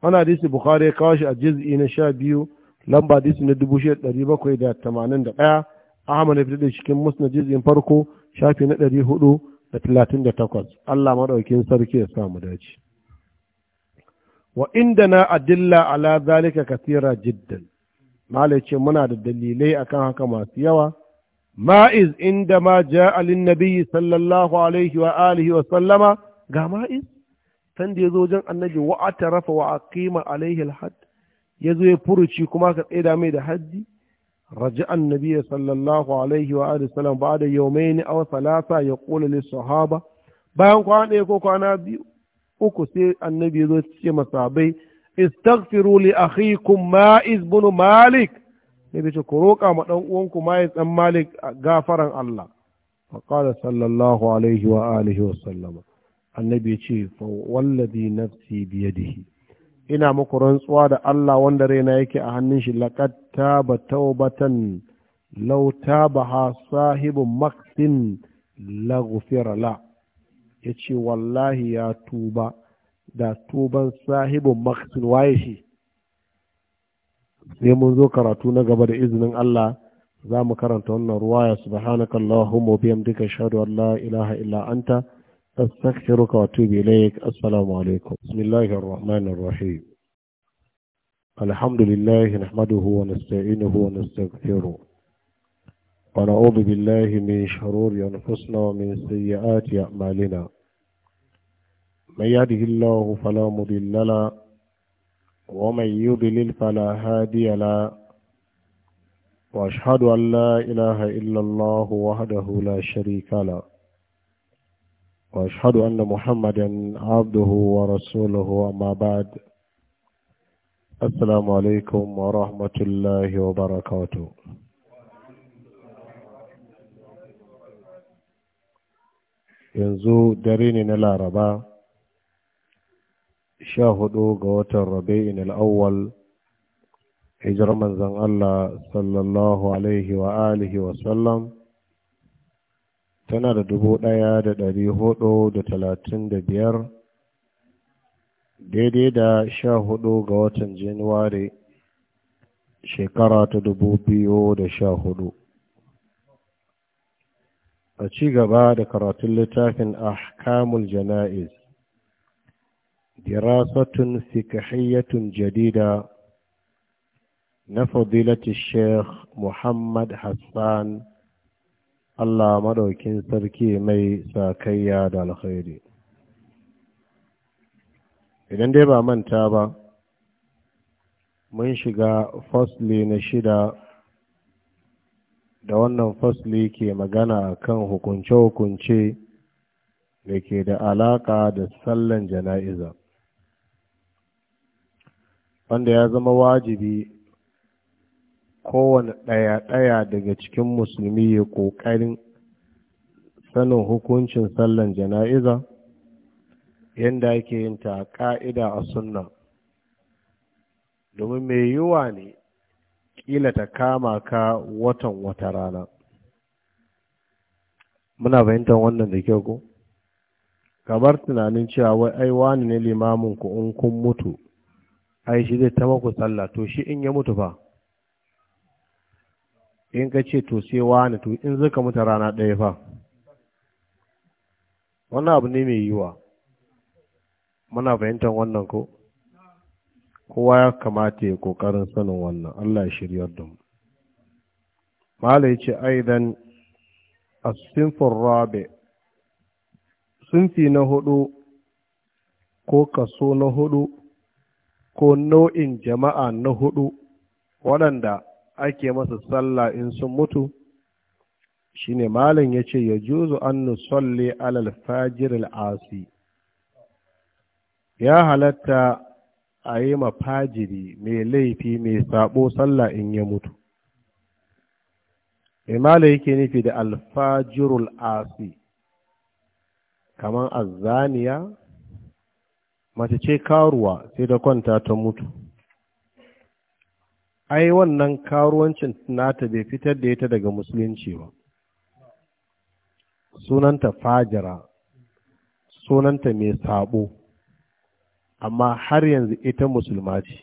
ana da shi bukhari ya kawo shi a juz'i na 12 lamba hadisi na ɗaya Ahmad ya fitar da cikin musnad juz'in farko shafi na takwas Allah maɗaukin sarki ya samu dace wa na adilla ala zalika kasira jiddan malai ce muna da dalilai akan haka masu yawa ma'iz inda ma Alin lin nabiyyi sallallahu alaihi wa alihi wa sallama ga ma'iz san da zo wajen annabi wa atarafa wa aqima alaihi al-hadd ya zo ya furuci kuma ka tsaida mai da hajji raji annabi sallallahu alaihi wa alihi sallam ba da yaumaini aw salasa ya kula ne sahaba bayan kwana ɗaya ko kwana biyu uku sai annabi ya zo ce masabai istaghfiru li akhikum ma'iz bin malik ne ce ku roƙa ma dan uwanku ma'iz dan malik gafaran Allah alihi wa الله annabi ya ce fa wallazi nafsi bi yadihi ina muku rantsuwa da Allah wanda raina yake a hannun shi laqad taba taubatan law ha sahibu maksin la ghufira la yace wallahi ya tuba da tuban sahibin maksin waye shi sai mun zo karatu na gaba da izinin Allah za mu karanta wannan ruwaya subhanakallahumma wa bihamdika ashhadu an la ilaha illa anta أستغفرك وأتوب إليك السلام عليكم بسم الله الرحمن الرحيم الحمد لله نحمده ونستعينه ونستغفره ونعوذ بالله من شرور أنفسنا ومن سيئات أعمالنا من يهده الله فلا مضل له ومن يضلل فلا هادي له وأشهد أن لا إله إلا الله وحده لا شريك له واشهد ان محمدا عبده ورسوله اما بعد السلام عليكم ورحمه الله وبركاته yanzu dare ne na laraba sha hudu ga watan rabi'in al'awwal hijirar manzan allah sallallahu alaihi wa alihi wasallam tana da dubu ɗaya da ɗari hudu da talatin da biyar daidai da sha hudu ga watan januwari shekara ta dubu biyu da sha hudu a ci gaba da karatun littafin ahkamul jana'iz dirasatun fikahiyyatun jadida na fadilatun sheikh muhammad hassan Allah maɗaukin sarki mai sakayya da alkhairi idan dai ba manta ba mun shiga fasli na shida da wannan fasli ke magana akan hukunce-hukunce da ke da alaƙa da sallan jana'iza wanda ya zama wajibi kowane ɗaya-ɗaya daga cikin musulmi ya ƙoƙarin sanin hukuncin sallan jana'iza yadda ake yin ta ƙa'ida a sunna domin mai yiwa ne ƙila ta kama ka watan wata rana muna fahimtar wannan da kyau ko kamar tunanin cewa wai ai wani ne limamin ku in kun mutu ai shi zai ta maku sallah to shi in ya mutu fa in ka ce to sai wani to in zaka mutu rana ɗaya fa wannan abu ne mai yiwa muna fahimtar wannan ko kowa ya kamata ya kokarin sanin wannan Allah ya shiryar da mu mala ya ce aidan as-sinfur rabi sinfi na hudu ko kaso na hudu ko nau'in jama'a na hudu waɗanda ake masa sallah in sun mutu shine malam yace ya juzu an nusalli alal fajir al'asi ya halatta a yi ma fajiri mai laifi mai sabo sallah in ya mutu imala yake nufi da alfajirul asi kamar azzaniya mace ce karuwa sai da kwanta ta mutu ai wannan karuwancin nata bai fitar da ita daga musulunci ba sunanta fajara sunanta mai sabo amma har yanzu ita musulma ce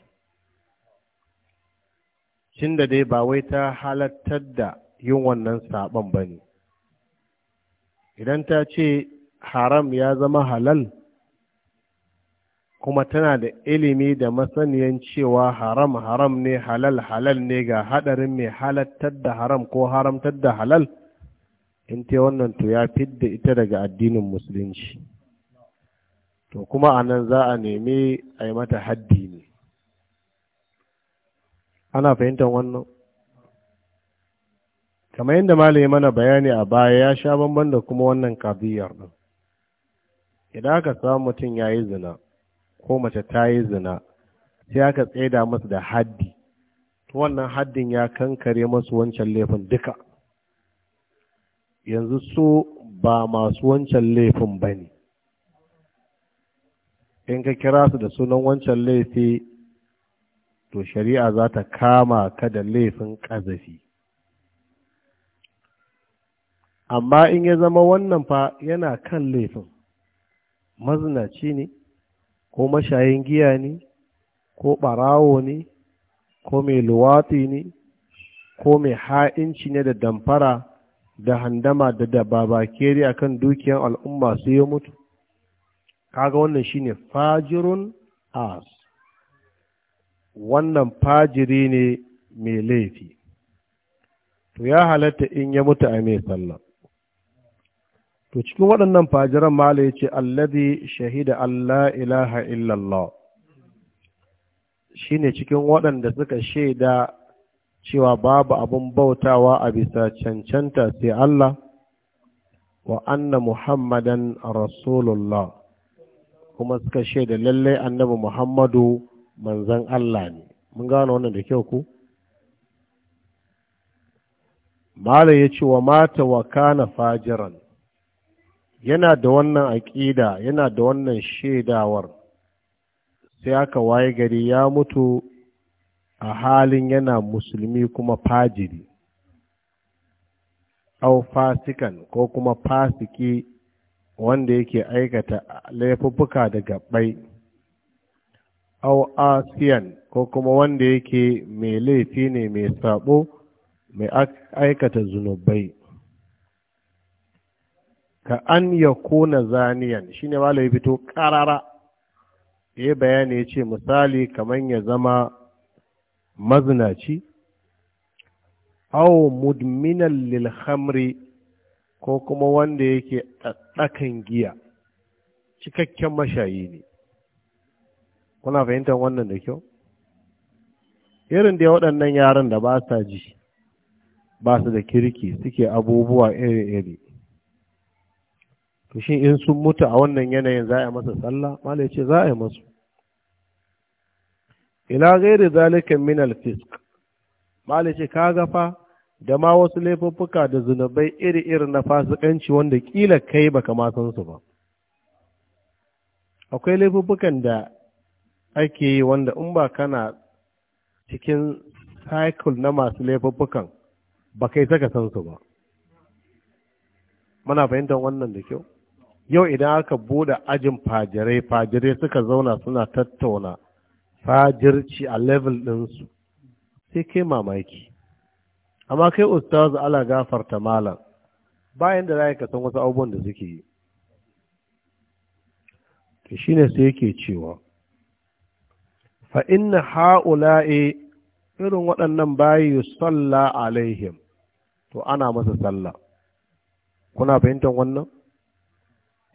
cin da dai ba wai ta halattar da yin wannan saban ba ne idan ta ce haram ya zama halal kuma tana da ilimi da masaniyan cewa haram haram ne halal halal ne ga hadarin mai halattar da haram ko haramtar da halal in te wannan to ya fidda ita daga addinin musulunci to kuma a nan za a nemi a yi mata haddi ne ana fahimtar wannan kamar yadda malaye mana bayani a baya ya sha bamban da kuma wannan kabiyar. idan aka samu mutum ya yi zina ko mace ta yi zina sai aka tsaida masu da haddi to wannan haddin ya kankare masu wancan laifin duka yanzu su ba masu wancan laifin ba ne in ka kira su da sunan wancan laifi to shari'a za ta kama ka da laifin ƙazafi amma in ya zama wannan fa yana kan laifin mazinaci ne ko mashayin giya ne ko ɓarawo ne ko mai luwatsi ne ko mai ha'inci ne da damfara da handama da keri a kan dukiyar al'umma sai ya mutu kaga wannan shi ne fajirun as wannan fajiri ne mai laifi to ya halatta in ya mutu a mai sallah to cikin waɗannan fajiran mala ya ce alladhi shahida Allah ilaha illallah ne cikin waɗanda suka shaida cewa babu abin bautawa a bisa cancanta sai Allah wa anna muhammadan rasulullah kuma suka shaida lallai annabi muhammadu manzan Allah ne mun gano wannan da kyau ku mala ya ce wa mata wa kana fajiran yana da wannan aƙida yana da wannan shaidawar sai aka waye gari ya mutu a halin yana musulmi kuma fajiri au fasikan ko kuma fasiki wanda yake aikata laifuffuka da gaɓai au asiyan ko kuma wanda yake mai laifi ne mai sabo mai aikata zunubai ka an ya kona zaniyan shi ne fito ƙarara ya bayani ya ce misali kamar ya zama mazinaci au mudminan lilhamri ko kuma wanda yake tsakan giya cikakken mashayi ne kuna fahimtar wannan da kyau irin da waɗannan yaran da ba sa ji ba su da kirki suke abubuwa iri-iri shi in sun mutu a wannan yanayin za a masa sallah mala ya ce za a yi masu ila gairi zalikan min alfisk mala ce ka fa da ma wasu laifuffuka da zunubai iri-iri na fasikanci wanda kila kai baka ma san su ba akwai laifuffukan da ake yi wanda in ba kana cikin cycle na masu laifuffukan ba kai saka san su ba Mana fahimtar wannan da kyau yau idan aka bude ajin fajirai fajirai suka zauna suna tattauna fajirci a level ɗinsu sai kai mamaki amma kai ustaz ala gafarta malam bayan da za ka san wasu abubuwan da suke yi to shine sai yake cewa fa inna ha'ula'i irin waɗannan bayi salla alaihim to ana masa sallah kuna fahimtar wannan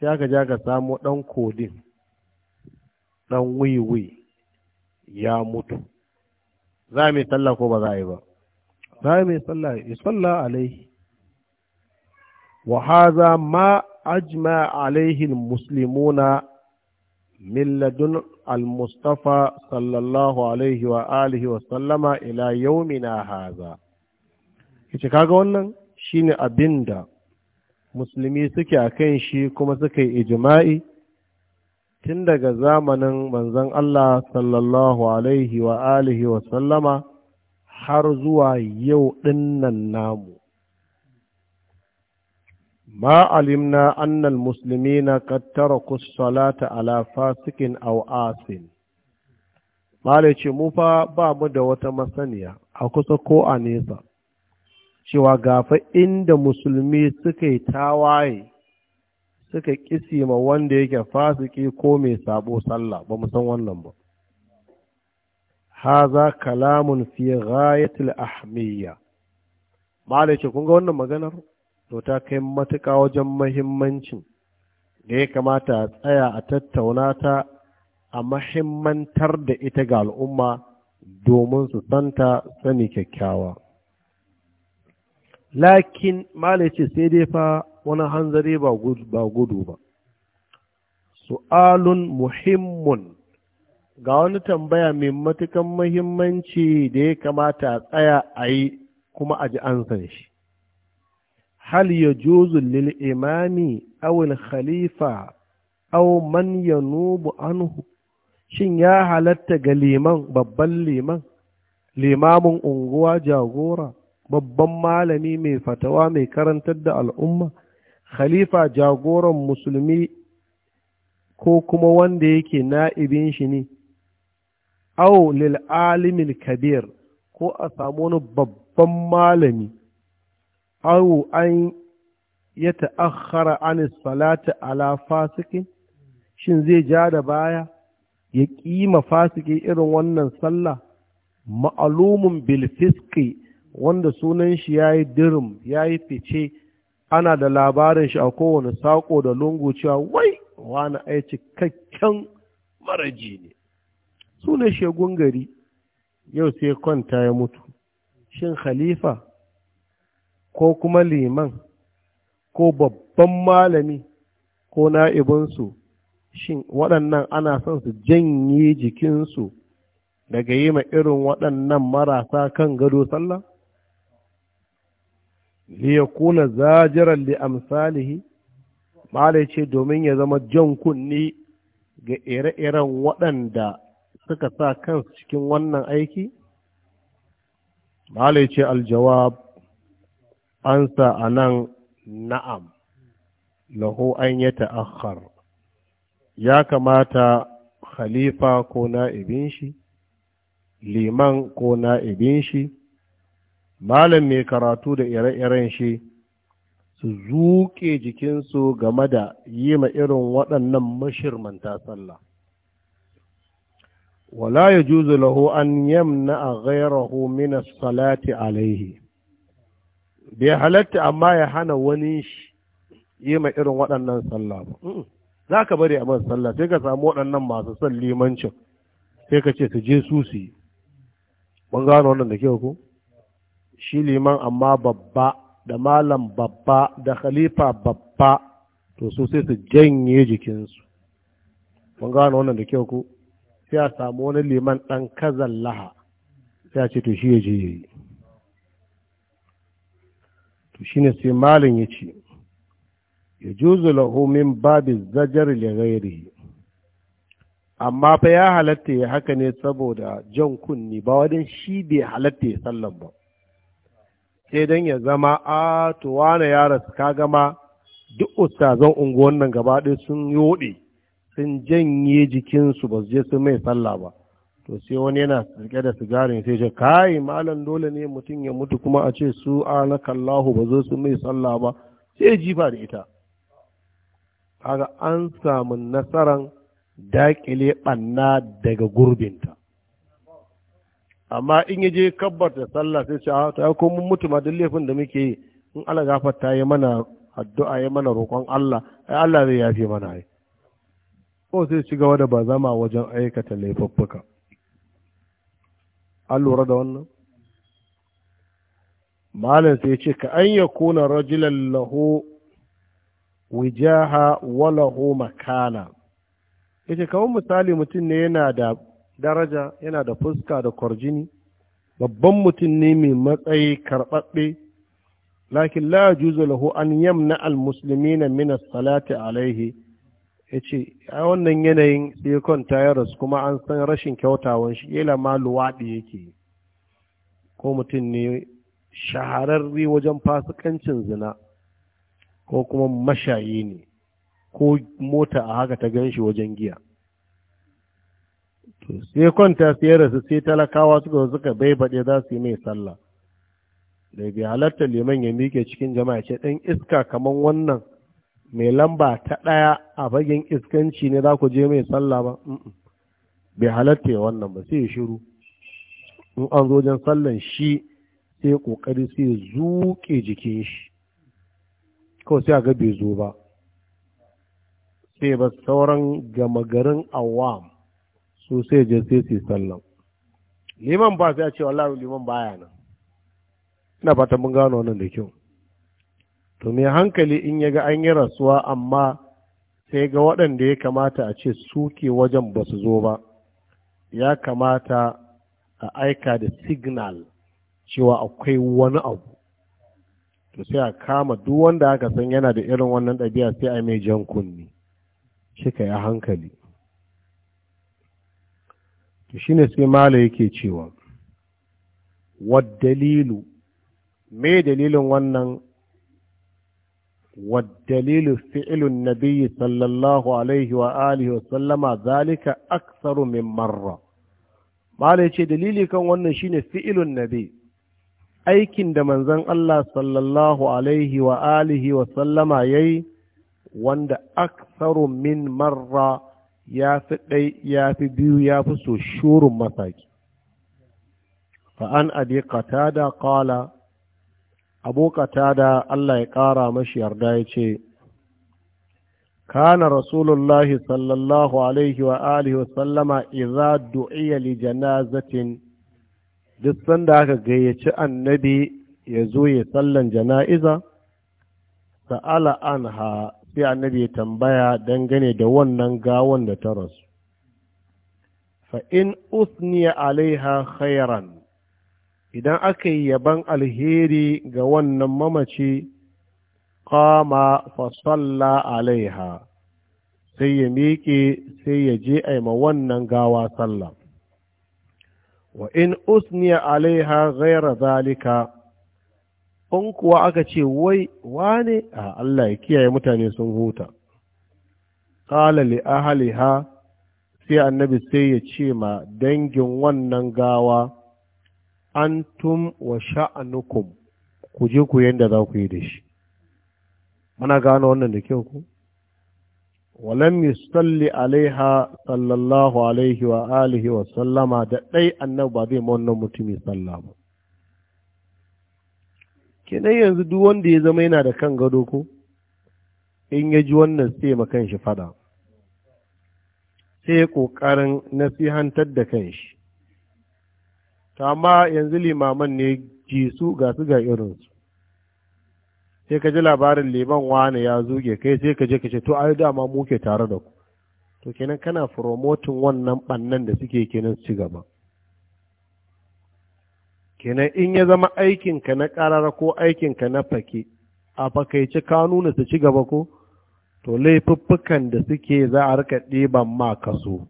sai aka ja ga samo ɗan kodin ɗan wiwi ya mutu za mu yi sallah ko ba za a yi ba za mu yi sallah yi sallah alaihi wa haza ma ajma alaihi muslimuna min ladun al-mustafa sallallahu alaihi wa alihi wa sallama ila yaumina haza kace kaga wannan shine abinda musulmi suke a kan shi kuma suka yi ijima'i tun daga zamanin manzon Allah sallallahu alaihi wa alihi wa sallama har zuwa yau dinnan namu ma alimna annal musulmi na taraku kusurata ala fasikin aw asin ce mu fa ba mu da wata masaniya a kusa ko a nesa cewa gafa inda musulmi suka yi tawaye suka kisi ma wanda yake fasiki ko mai sabo sallah ba mu san wannan ba haza kalamun fi ghayatil ahmiya malai ce kun ga wannan maganar to ta kai matuƙa wajen muhimmancin, da ya kamata a tsaya a tattauna ta a mahimmantar da ita ga al'umma domin su santa sani kyakkyawa lakin malai ce sai dai fa wani hanzari ba gudu ba su'alun muhimmun ga wani tambaya mai matukan muhimmanci da ya kamata a tsaya a yi kuma a ji an san shi hal ya juzu lil imami awil khalifa aw man yanubu anhu shin ya halatta ga liman babban liman limamin unguwa jagora babban malami mai fatawa mai karantar da al'umma khalifa jagoran musulmi ko kuma wanda yake na'ibin shi ne au lil kabir ko a samu wani babban malami au an ya ta'akhara an salati ala fasikin shin zai ja da baya ya kima fasiki irin wannan sallah ma'alumun bil fiski wanda sunan shi ya yi dirim ya yi fice ana da labarin shi a kowane saƙo da lungu cewa wai wani ai cikakken maraji ne sunan shegun gari yau sai kwanta ya mutu shin khalifa ko kuma liman ko babban malami ko na'ibinsu shin waɗannan ana son su janye jikinsu daga yi ma irin waɗannan marasa kan gado sallah liyakuna zajiran li amsalihi mala ce domin ya zama jan kunni ga ire-iren waɗanda suka sa kansu cikin wannan aiki mala ce aljawab ansa a nan na'am lahu an ya ta'akhar ya kamata khalifa ko na'ibin shi liman ko na'ibin shi malam mai karatu da ire-iren shi su zuƙe jikinsu game da yi ma irin waɗannan mashirmanta sallah wala ya juzu lahu an yamna a ghairahu min salati alaihi bai halatta amma ya hana wani yi ma irin waɗannan sallah ba za ka bari a man sallah sai ka samu waɗannan masu son limancin sai ka ce su je su su yi ban gano wannan da kyau ko shi liman amma babba da malam babba da khalifa babba to su sai su janye jikinsu mun gano wannan da kyau ku sai a samu wani liman ɗan kazan laha sai a ce to shi ya je ya yi to shi ne sai malin ya ce ya juzu lahu min zajar lagairi amma fa ya halatta ya haka ne saboda jan kunni ba wadan shi bai halatta ya sallan ba sai don ya zama a tuwana ya rasu ka gama duk ustazan unguwan nan gaba ɗaya sun yoɗe sun janye jikinsu ba su je sun mai sallah ba to sai wani yana rike da sigarin sai ce kai malam dole ne mutum ya mutu kuma a ce su anakallahu ba zo su mai sallah ba sai jifa da ita kaga an samu nasarar daƙile ɓanna daga gurbinta amma in ya je kabbar da sallah sai ce a ah, ta ko mun mutu ma duk laifin da muke yi in Allah ta yi mana addu'a ya mana roƙon Allah ai Allah zai yafe mana ai ko sai ci gaba da bazama wajen aikata laifuffuka an lura da wannan malam sai ce ka an ya kuna rajulan lahu wijaha wa lahu makana yace kawai misali mutum ne yana da daraja yana da fuska da kwarjini babban mutum ne mai matsayi karɓaɓɓe lakin la juzo lahu an yamna al muslimina na as-salati alaihi ce, a wannan yanayin sai kwanta ya rasu kuma an san rashin kyautawan shi kila ma luwaɗi yake ko mutum ne shahararri wajen fasikancin zina ko kuma mashayi ne ko mota a haka ta gan shi wajen giya sai kwanta su ya rasu sai talakawa suka suka baibaɗe za su yi mai sallah da bai halarta liman ya miƙe cikin jama'a ce ɗan iska kamar wannan mai lamba ta ɗaya a fagen iskanci ne za ku je mai sallah ba bai halarta ya wannan ba sai ya shiru in an zo wajen sallan shi sai ƙoƙari sai ya zuƙe jikin shi kawai sai a ga bai zo ba sai ba sauran gama garin awam su sai je sai su sallan liman ba sai a ce wallahi liman baya nan ina fata mun gano wannan da kyau to me hankali in ya ga an yi rasuwa amma sai ga waɗanda ya kamata a ce suke wajen ba su zo ba ya kamata a aika da signal cewa akwai wani abu to sai a kama duk wanda aka san yana da irin wannan ɗabi'a sai a mai jan kunni shi ka yi hankali ne sai mala yake cewa wad dalilu me dalilin wannan wad dalilu fi'lun nabiyyi sallallahu alaihi wa alihi wa sallama zalika aktsaru min marra mala yace dalili kan wannan shine fi'ilun nabi aikin da manzon Allah sallallahu alaihi wa alihi wa sallama yayi wanda aktsaru min marra ya fi ɗai ya fi biyu ya fi so shurin masaki fa'an abi da qala abu da Allah ya ƙara mashi yarda ya ce kana rasulullahi sallallahu alaihi wa alihi wa sallama iza du'iya li janazatin duk sanda aka gayyaci annabi ya zo ya sallan jana'iza sa'ala anha sai annabi ya tambaya dangane da wannan gawon da ta rasu fa in usniya alaiha khairan idan aka yi yaban alheri ga wannan mamaci kama fasalla alaiha sai ya miƙe sai ya je aima wannan gawa sallah wa in usniya alaiha ghaira zalika in kuwa aka ce wai wane a Allah ya kiyaye mutane sun huta qala li ahliha sai annabi sai ya ce ma dangin wannan gawa antum wa sha'anukum ku je ku yanda za ku yi da shi muna gano wannan da kyau ku walam yusalli alaiha sallallahu alaihi wa alihi wa sallama da dai annabi ba zai ma wannan mutumi sallah kenan yanzu duk wanda ya zama yana da kan gado ko in ya ji wannan sai ma shi fada sai ya ƙoƙarin nasihantar da kan shi. ta amma yanzu limaman ne ji su ga su ga irinsu sai ka ji labarin liman wani ya zuge kai sai ka je ka ce to ai dama muke tare da ku to kenan kana promoting wannan bannan da suke kenan su ci gaba kenan in ya zama aikinka na ƙarara ko aikinka na fake a fakaici ka nuna su ci gaba ko to laifuffukan da suke za a rika ɗiban ma kaso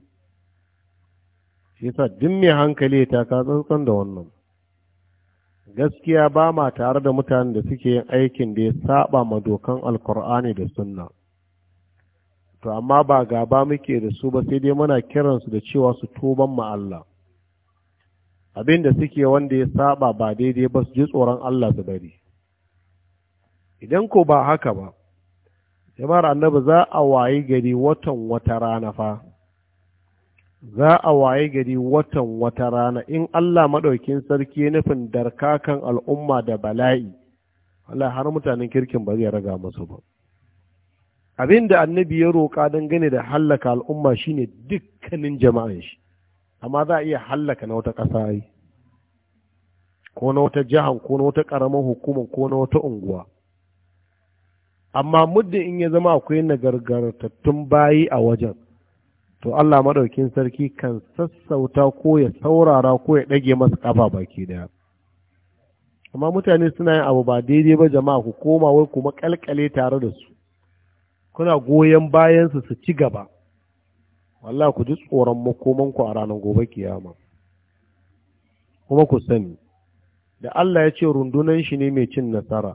sa duk mai hankali ta ka tsantsan da wannan gaskiya ba ma tare da mutanen da suke yin aikin da ya saba ma dokan alkur'ani da sunna to amma ba gaba muke da su ba sai dai muna kiransu da cewa su tuban ma Allah abin da suke wanda ya saba ba daidai ba su ji tsoron Allah su bari idan ko ba haka ba jama'ar annabi za a waye gari watan wata rana fa za a wayi gari watan wata rana in Allah maɗaukin sarki ya nufin darkakan al'umma da bala'i Allah har mutanen kirkin ba zai raga masu ba abin da annabi ya roƙa dangane da hallaka al'umma shine dukkanin jama'an shi amma za a iya hallaka na wata ƙasa yi ko na wata jihan ko na wata ƙaramin hukumar ko na wata unguwa amma muddin in ya zama akwai nagargartattun bayi a wajen to Allah maɗaukin sarki kan sassauta ko ya saurara ko ya ɗage masa ƙafa baki daya amma mutane suna yin abu ba daidai ba jama'a ku koma wai kuma ƙalƙale tare da su kuna goyon bayansu su ci gaba wallah ku ji tsoron makomanku a ranar gobe kiyama kuma ku sani da Allah ya ce rundunan shi ne mai cin nasara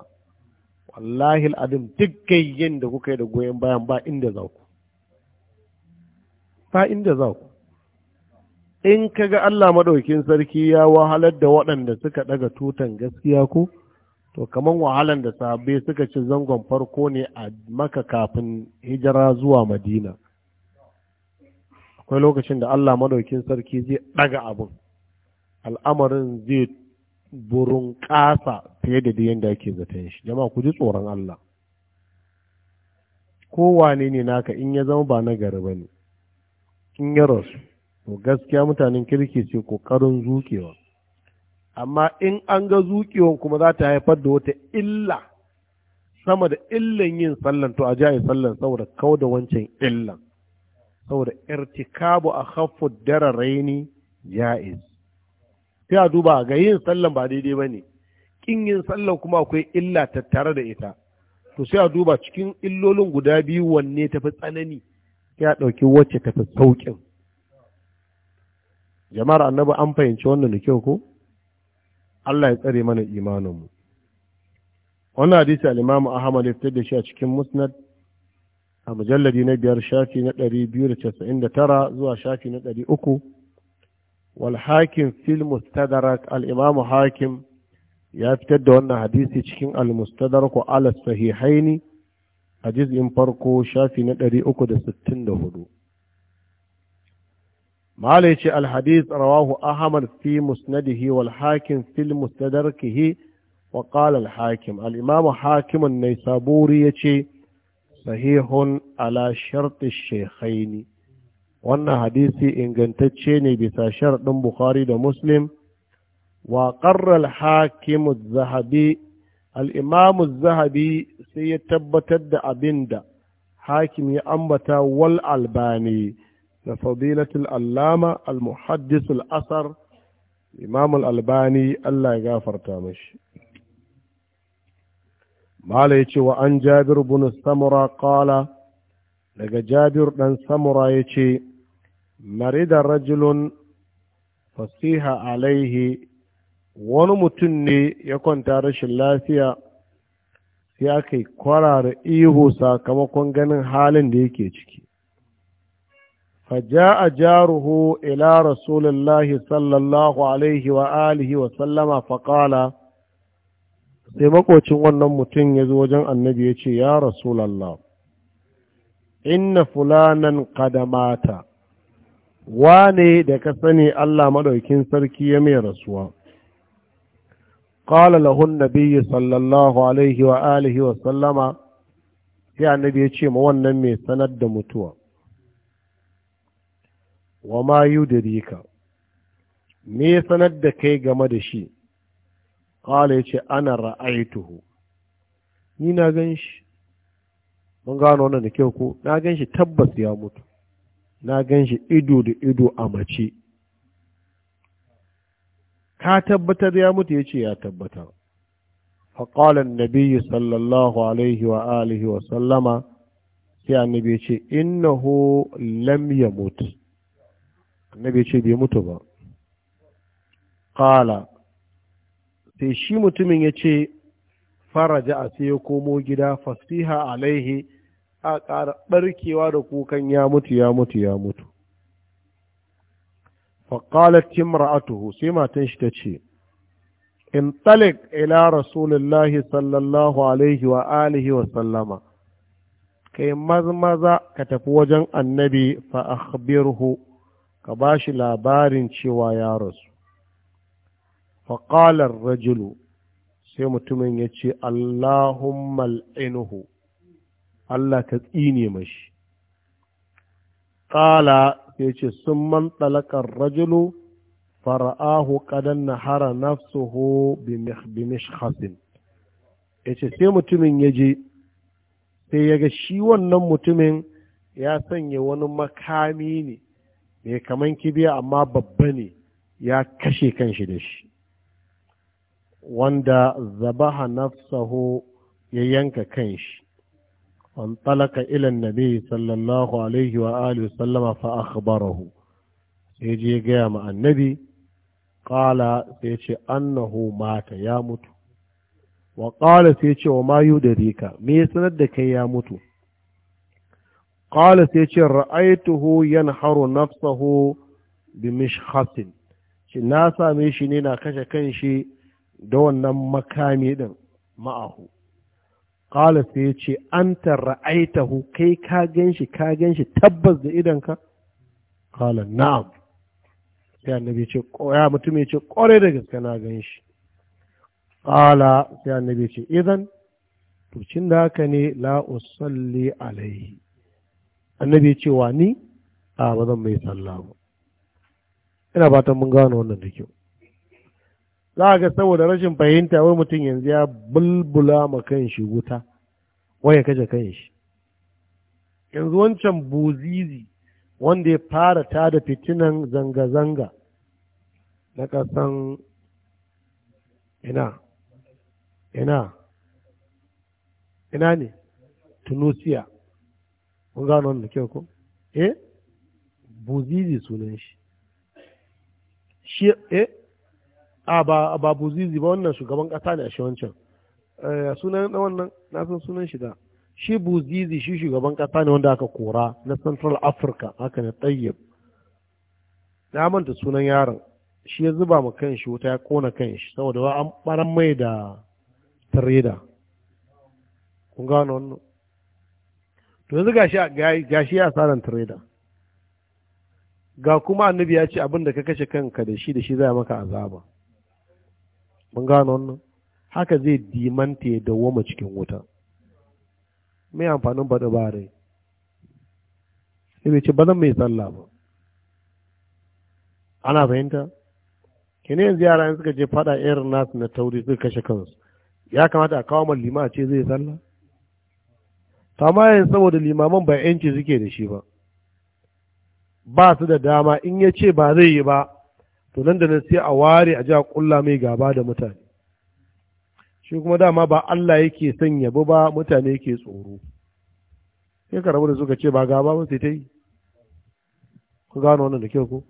wallahi al'adun duk gayyen da kuka yi da goyon bayan ba inda za ku ba inda za ku in ka ga Allah maɗaukin sarki ya wahalar da waɗanda suka ɗaga tutan gaskiya ku? to kamar wahalar da sahabbai suka ci zangon farko ne a maka kafin hijira zuwa madina akwai lokacin da Allah madaukin sarki zai ɗaga abin al'amarin zai burin ƙasa fiye da yadda ake zata shi jama'a ku ji tsoron Allah kowane ne naka in ya zama ba na gari ba ne in ya rasu to gaskiya mutanen kirki ce ƙoƙarin zuƙewa amma in an ga zuƙewan kuma za ta haifar da wata illa sama da illan yin sallan to a ji a yi sallan saboda kau da wancan illan saboda irtikabu a khaffu dararaini ja'iz sai a duba ga yin sallan ba daidai ba ne kin yin sallan kuma akwai illa tattare da ita to sai a duba cikin illolin guda biyu wanne tafi tsanani Sai a ɗauki wacce tafi sauƙin jama'ar annabi an fahimci wannan da kyau ko Allah ya tsare mana imaninmu wannan hadisi al-Imam Ahmad ya fitar da shi a cikin Musnad a mujalladi na biyar shafi na ɗari biyu da casa'in da tara zuwa shafi na ɗari uku walhakin fil al'imamu hakim ya fitar da wannan hadisi cikin al ala sahihaini a jizgin farko shafi na ɗari uku da sittin da hudu malai ce alhadis rawahu ahmad fi musnadihi wal hakim fil mustadarkihi wa qala al hakim al imamu hakimun naisaburi yace sahihun ala sharti shekhaini wannan hadisi ingantacce ne bisa sharɗin bukhari da muslim wa ƙarrar hakimu zahabi al'imamu zahabi sai ya tabbatar da abinda hakim ya ambata wal albani da fadilatul allama al-muhaddis al-asar imam al-albani allah ya gafarta mashi mala ya ce wa an jabir bin samura kala daga jabir ɗan samura ya ce marida rajulun fasiha alaihi wani mutum ne ya kwanta rashin lafiya sai aka yi kwarara ihu sakamakon ganin halin da yake ciki فجاء جاره إلى رسول الله صلى الله عليه وآله وسلم فقال sai makocin wannan mutum ya zo wajen annabi ya ce ya rasulallah inna fulanan kadamata wane da ka sani Allah maɗaukin sarki ya mai rasuwa قال sallallahu alaihi wa alihi wa sallama sai annabi ya ce ma wannan mai sanar da mutuwa wa ma Rika. me sanar da kai game da shi ya ce ana ra'aituhu ni na gan shi mun gano wannan da kyau ko na gan shi tabbas ya mutu na gan shi ido da ido a mace ka tabbatar ya mutu ya ce ya tabbatar فقال sallallahu alaihi wa alihi wa sallama sai annabi ya ce innahu lam yamut annabi ya ce bai mutu ba ƙala. sai shi mutumin ya ce faraja a sai ya komo gida fasiha alaihi a ƙara ɓarkewa da kukan ya mutu ya mutu ya mutu faƙalar atuhu sai matan shi ta ce in talik ila rasulullahi sallallahu alaihi wa alihi wa sallama kai maza ka tafi wajen annabi fa akhbirhu ka ba shi labarin cewa ya rasu faƙalar rajulu sai mutumin ya ce allahumma al'inuhu Allah ka tsine mashi ƙala ya ce sun man talakar rajulu fara'ahu ƙadan na hara nafsuhu bimishhasin ya ce sai mutumin ya je sai ya shi wannan mutumin ya sanya wani makami ne mai kaman kibiya amma babba ne ya kashe kanshi da shi wanda zabaha nafsahu ya yanka kanshi an talaka ilan nabi sallallahu alaihi wa alihi sallama fa akhbarahu sai je gaya ma annabi qala sai ce annahu mata ya mutu wa sai ce wa mayu da rika me sanar da kai ya mutu Ƙala sai ce ra'aituhu haro nafsahu bi mishhasin shi na same shi ne na kashe kanshi da wannan makami ɗin ma'ahu ƙala sai ya ce an ra'aitahu kai ka gan shi ka gan shi tabbas da idanka ƙala na'am sai annabi ce ya mutum ya ce ƙware da gaske na gan shi ƙala sai annabi ce idan to cin da haka ne la usalli alaihi annabi ce wa ni a ba zan mai sallah ba ina fatan mun gano wannan da kyau za a ga saboda rashin fahimta wai mutum yanzu ya bulbula ma kan shi wuta wai ya kaje kan shi yanzu wancan buzizi wanda ya fara tada fitinan zanga-zanga na kasan ina ina ina ne tunisia kun gano da kyau ko eh buzizi sunan shi shi eh a ba ba buzizi ba wannan shugaban kasa ne a shi wancan eh, sunan da wannan na san sunan shi da shi buzizi shi shugaban kasa ne wanda aka kora na central africa haka na tsayyab na manta sunan yaron shi ya zuba ma kan shi wuta ya kona kan shi saboda wa an baran mai da tareda kun gano wannan to yanzu gashi ya asaran tareda ga kuma annabi ya ce abin da ka kashe kanka da shi da shi zai maka azaba mun gano wannan haka zai dimanta ya dawoma cikin wuta mai amfanin baɗi ba rai sai bai ce ba zan mai sallah ba ana fahimta kene yanzu yara in suka je faɗa irin nasu na tauri suka kashe kansu ya kamata a kawo mai lima a ce zai sallah amma yanzu saboda limaman ba yanci suke da shi ba ba su da dama in ya ce ba zai yi ba to nan da nan sai a ware a ji a kulla mai gaba da mutane shi kuma dama ba Allah yake son yabo ba mutane yake tsoro sai ka rabu da suka ce ba gaba ba sai ta yi ku gano wannan da kyau ko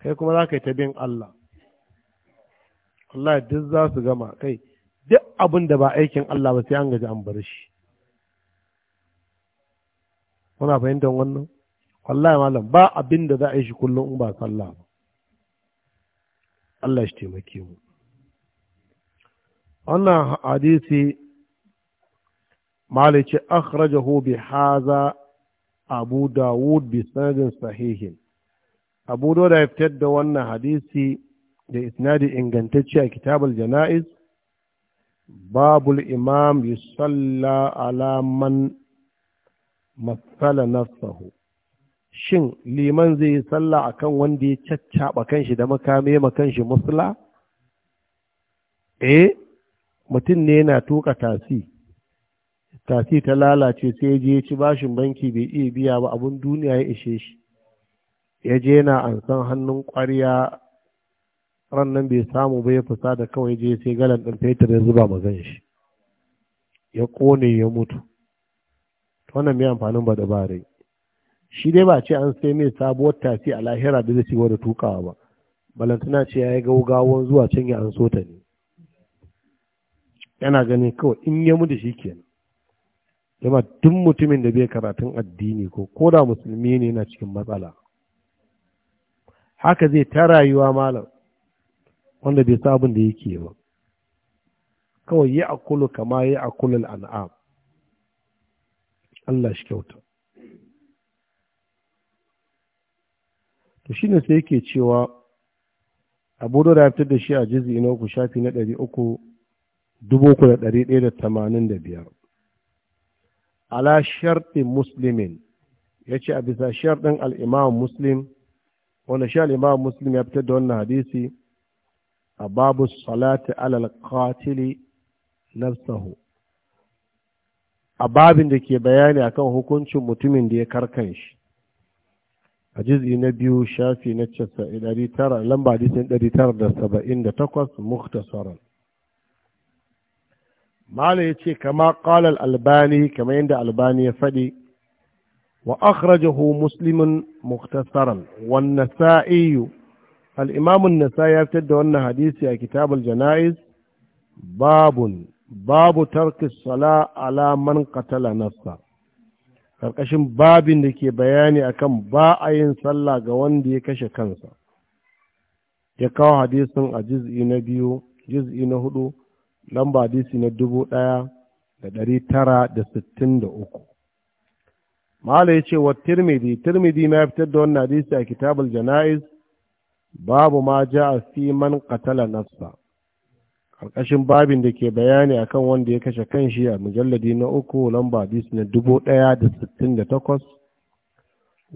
kai kuma za ka yi ta bin Allah Allah duk za su gama kai duk abin da ba aikin Allah ba sai an gaji an bar shi muna fahimtar wannan wallahi malam ba abin da za a yi shi kullum in ba sallah ba Allah shi taimake mu wannan hadisi malici akhrajahu bi haza abu dawud bi sanadin sahihin abu dawud ya fitar da wannan hadisi da isnadi ingantacce a kitabul jana'iz babul imam yusalla ala man matsala nafsahu shin liman zai yi sallah kan wanda ya caccaɓa kanshi da makame shi musula eh mutum ne yana tuka tasi tasi ta lalace sai je ci bashin banki bai iya biya ba abun duniya ya ishe shi ya je yana ansan hannun ƙwarya rannan bai samu ba ya fusa da kawai je sai galan ɗin fetur ya zuba magan shi ya ƙone ya mutu wannan mai amfanin ba dabarai shi dai ba ce an sai mai sabuwar tasi a lahira da zai ci da tukawa ba balantana ce ya yi gaugawan zuwa can ya an so ne yana gani kawai in ya muda shi kenan yamma duk mutumin da bai karatun addini ko ko da musulmi ne yana cikin matsala haka zai ta rayuwa malam wanda bai sa abin da yake ba kawai yi akulu kama yi akulul al'am Allah shi kyauta to shine sai yake cewa abu da ya fitar da shi a jizi na uku shafi na ɗari uku dubu uku da ɗari ɗaya da tamanin da biyar ala sharɗin muslimin ya ce a bisa sharɗin al'imam muslim wanda shi al'imam muslim ya fitar da wannan hadisi a babu salati alal qatili nafsahu a babin da ke bayani akan hukuncin mutumin da ya karkan a na biyu shafi na tara da takwas mukta muhtasaran mala ya ce kama ƙalar albani kama yadda albani ya faɗi wa akhrajahu muslimun muhtasaran wannan sa'iyu al'imamun nasa ya fitar da wannan hadisi a kitabul jana'iz babun babu tarki sala ala man ƙarƙashin babin da ke bayani akan ba a yin sallah ga wanda ya kashe kansa ya kawo hadisin a juz'i na biyu juz'i na hudu lamba hadisi na dubu ɗaya da ɗari tara da sittin da uku mala ya ce wa tirmidhi tirmidhi ma fitar da wannan hadisi a kitabul jana'iz babu ma ja a fi man qatala nafsa ƙarƙashin babin da ke bayani akan wanda ya kashe kan shi a mujalladi na uku lamba bis na dubu ɗaya da sittin da takwas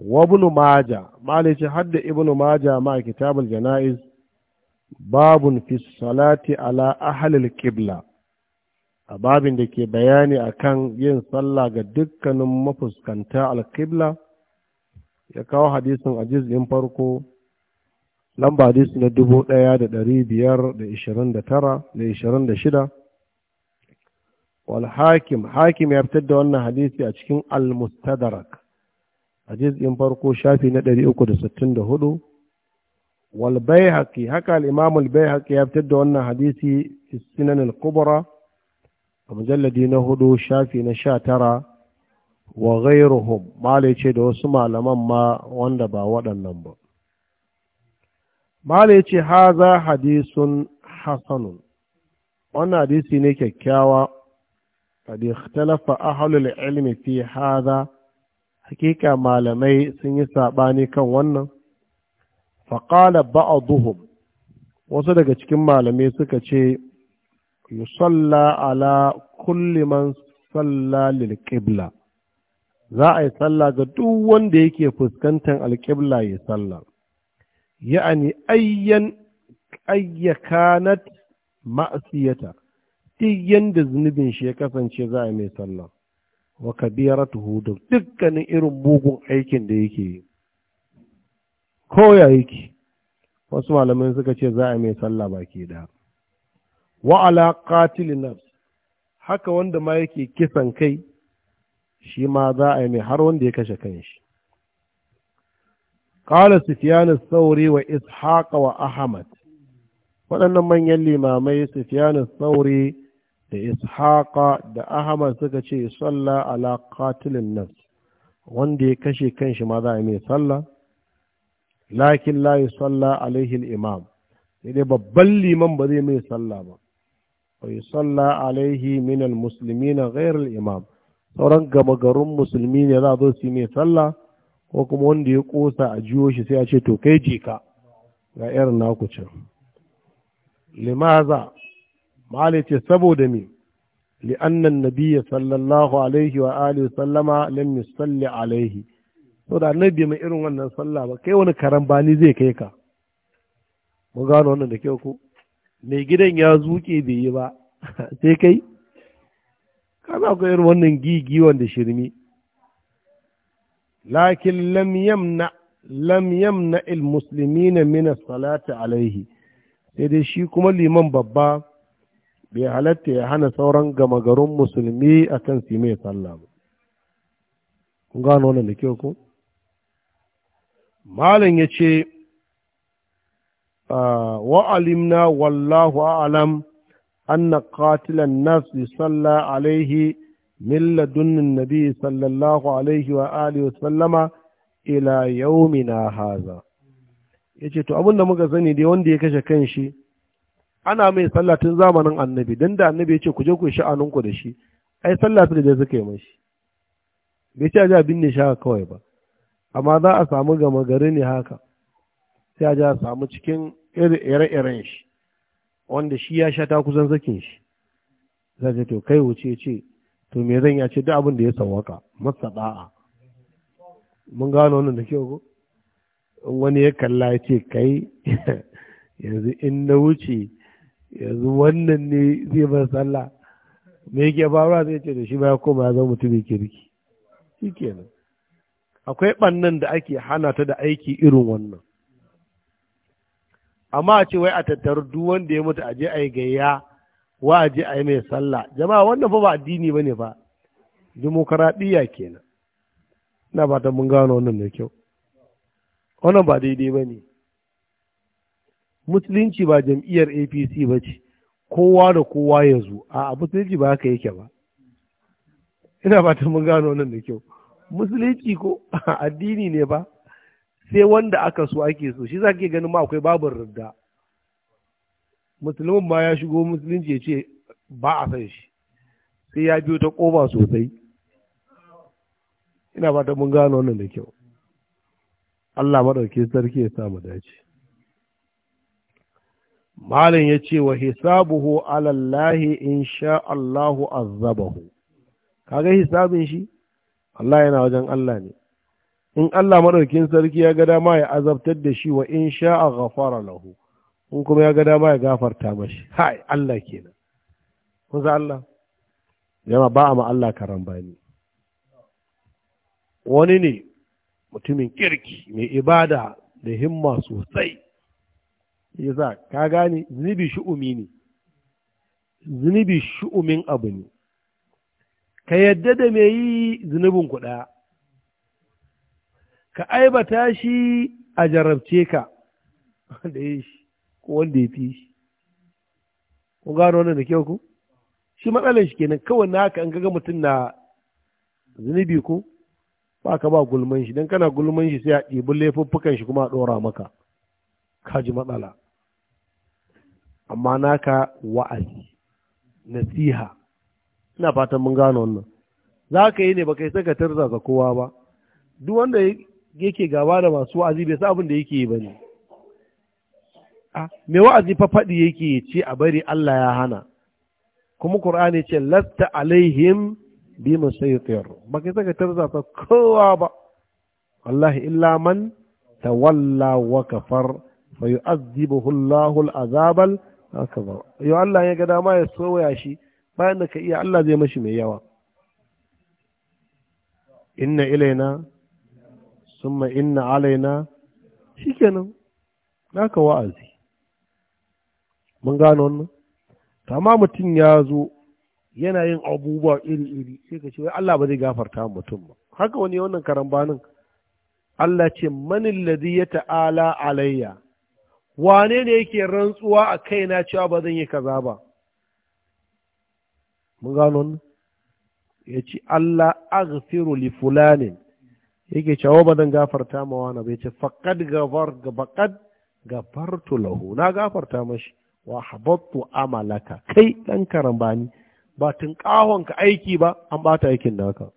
wabnu maja malice har da ibnu maja ma a kitabul jana'iz babun fi salati ala ahalil qibla a babin da ke bayani akan yin sallah ga dukkanin mafuskanta Al-Qibla, ya kawo hadisin a jizgin farko lamba hadisi na dubu ɗaya da ɗari biyar da ishirin da tara da ishirin da shida wal hakim hakim ya fitar da wannan hadisi a cikin al-mustadrak hadis ɗin farko shafi na ɗari uku da sittin da hudu wal haƙi haka al bai haƙi ya fitar da wannan hadisi fi al-kubra a mujalladi na hudu shafi na sha tara wa ghairuhum malai ce da wasu malaman ma wanda ba waɗannan ba Malai ce, Ha za hadisun hasanun wannan hadisi ne kyakkyawa, hadi talafa a halin ilmi fi haza hakika malamai sun yi saɓani kan wannan, faƙala ba'aduhum wasu daga cikin malamai suka ce, salla ala kulliman salla lil za a yi salla ga duk wanda yake fuskantar alƙibla ya salla. ya'ani ayyan ayyakanat ma'asiyata duk zunubin shi ya kasance za a mai sallah wa kabiratuhu da dukkanin irin mugun aikin da yake yi koya yake wasu malamai suka ce za a mai sallah baki da wa ala qatil haka wanda ma yake kisan kai shi ma za a yi mai har wanda ya kashe kanshi qala sufyan ath-thawri wa ishaq wa ahmad waɗannan manyan limamai sufyan sauri thawri da ishaqa da ahmad suka ce salla ala qatilin nafs wanda ya kashe kanshi ma za a mai sallah lakin la yusalla alaihi al-imam sai babban liman ba zai mai sallah ba wa yusalla alaihi min al-muslimina ghayr imam sauran gama garin musulmi ne za zo su mai sallah ko kuma wanda ya kosa a jiyo shi sai a ce to kai je ka ga irin naku can limaza mali ce saboda me annan nabiyya sallallahu alaihi wa alihi sallama lam yusalli alaihi da annabi mai irin wannan sallah ba kai wani karambani zai kai ka mu gano wannan da kyau ko mai gidan ya zuke bai yi ba sai kai kana ga irin wannan gigi wanda shirmi lakin lam na lam yamna almuslimina min salati alaihi sai dai shi kuma liman babba bai halatta ya hana sauran gama garin musulmi akan su mai sallah ba kun gano wannan da kyau ko malam ya ce wa'alimna wallahu a'alam anna katilan nas alaihi min ladunnin nabi sallallahu alaihi wa alihi sallama ila yaumina haza yace to abinda muka sani dai wanda ya kashe kanshi ana mai sallah tun zamanin annabi dan da annabi yace ku je ku sha'anin ku da shi ai sallah da dai suka yi mashi bai ce a binne shi kawai ba amma za a samu gama gari ne haka sai a ja samu cikin ire-iren shi wanda shi ya sha ta kusan sakin shi sai to kai wuce ce to me zan ya ce duk abin da ya sawaka masa da'a mun gano wannan da ke ko wani ya kalla ya ce kai yanzu in na wuce yanzu wannan ne zai bar sallah me yake faruwa zai ce da shi ba ya koma ya zama mutumin kirki shi kenan akwai ɓannan da ake hana ta da aiki irin wannan amma a ce wai a tattaru duk wanda ya mutu a je a yi gayya wa a je a yi mai sallah jama'a wannan fa ba addini ba fa dimokuraɗiyya kenan ina fatan mun gano wannan da kyau wannan ba daidai ba ne musulunci ba jam'iyyar apc ba ce kowa da kowa ya zo a musulunci ba haka yake ba ina fatan mun gano wannan da kyau musulunci ko addini ne ba sai wanda aka so ake so shi za ke ganin ma akwai babin rudda musulmin ba ya shigo musulunci ya ce ba a san shi sai ya biyo ta koba sosai ina ba ta mun gano wannan da kyau Allah maɗauki sarki ya samu dace Malam ya ce wa hisabuhu alallahi in sha Allahu azabahu kaga hisabin shi Allah yana wajen Allah ne in Allah maɗaukin sarki ya ga dama ya azabtar da shi wa in sha'a ghafara lahu in kuma ya ga dama ya gafarta mashi hai Allah kenan kun za Allah ya ba a ma Allah karambani wani ne mutumin kirki mai ibada da himma sosai yasa ka gane zunubi shu'umi ne zunubi shu'umin abu ne ka yadda da mai yi zunubin kuɗa, ka aibata shi a jarabce ka da yi shi wanda ya fi shi ku gano wannan da kyau ku shi matsalar shi kenan kawai na haka an ga mutum na zunubi ko ba ka ba gulman shi don kana gulman shi sai a ɗibi laifuffukan shi kuma a ɗora maka ka ji matsala amma naka wa'azi nasiha ina fatan mun gano wannan za ka yi ne ba kai sakatar ga kowa ba duk wanda yake gaba da masu wa'azi bai sa abin da yake yi ba ne mai wa'azi faɗi yake ya ce a bari Allah ya hana kuma ƙur'ani ce lasta alaihim bi musaytir ba kai saka tarza ta kowa ba wallahi illa man ta walla wa kafar fa yu'adhibuhu Allahu al'azabal akbar yo Allah ya ga dama ya soya shi bayan da ka iya Allah zai mashi mai yawa inna ilaina summa inna alaina shikenan naka wa'azi mun gano wannan ta ma mutum ya zo yana yin abubuwa iri-iri sai ka ce wai Allah ba zai gafarta mutum ba haka wani wannan karambanin Allah ce manin ladhi ya ta'ala alayya wane ne yake rantsuwa a kaina cewa ba zan yi kaza ba mun gano wannan ya ce Allah aghfiru li fulanin yake cewa ba zan gafarta ma wani bai ce faqad gafar gafar lahu na gafarta mashi wa habattu amalaka kai ɗan karambani ba tun ka aiki ba an bata aikin naka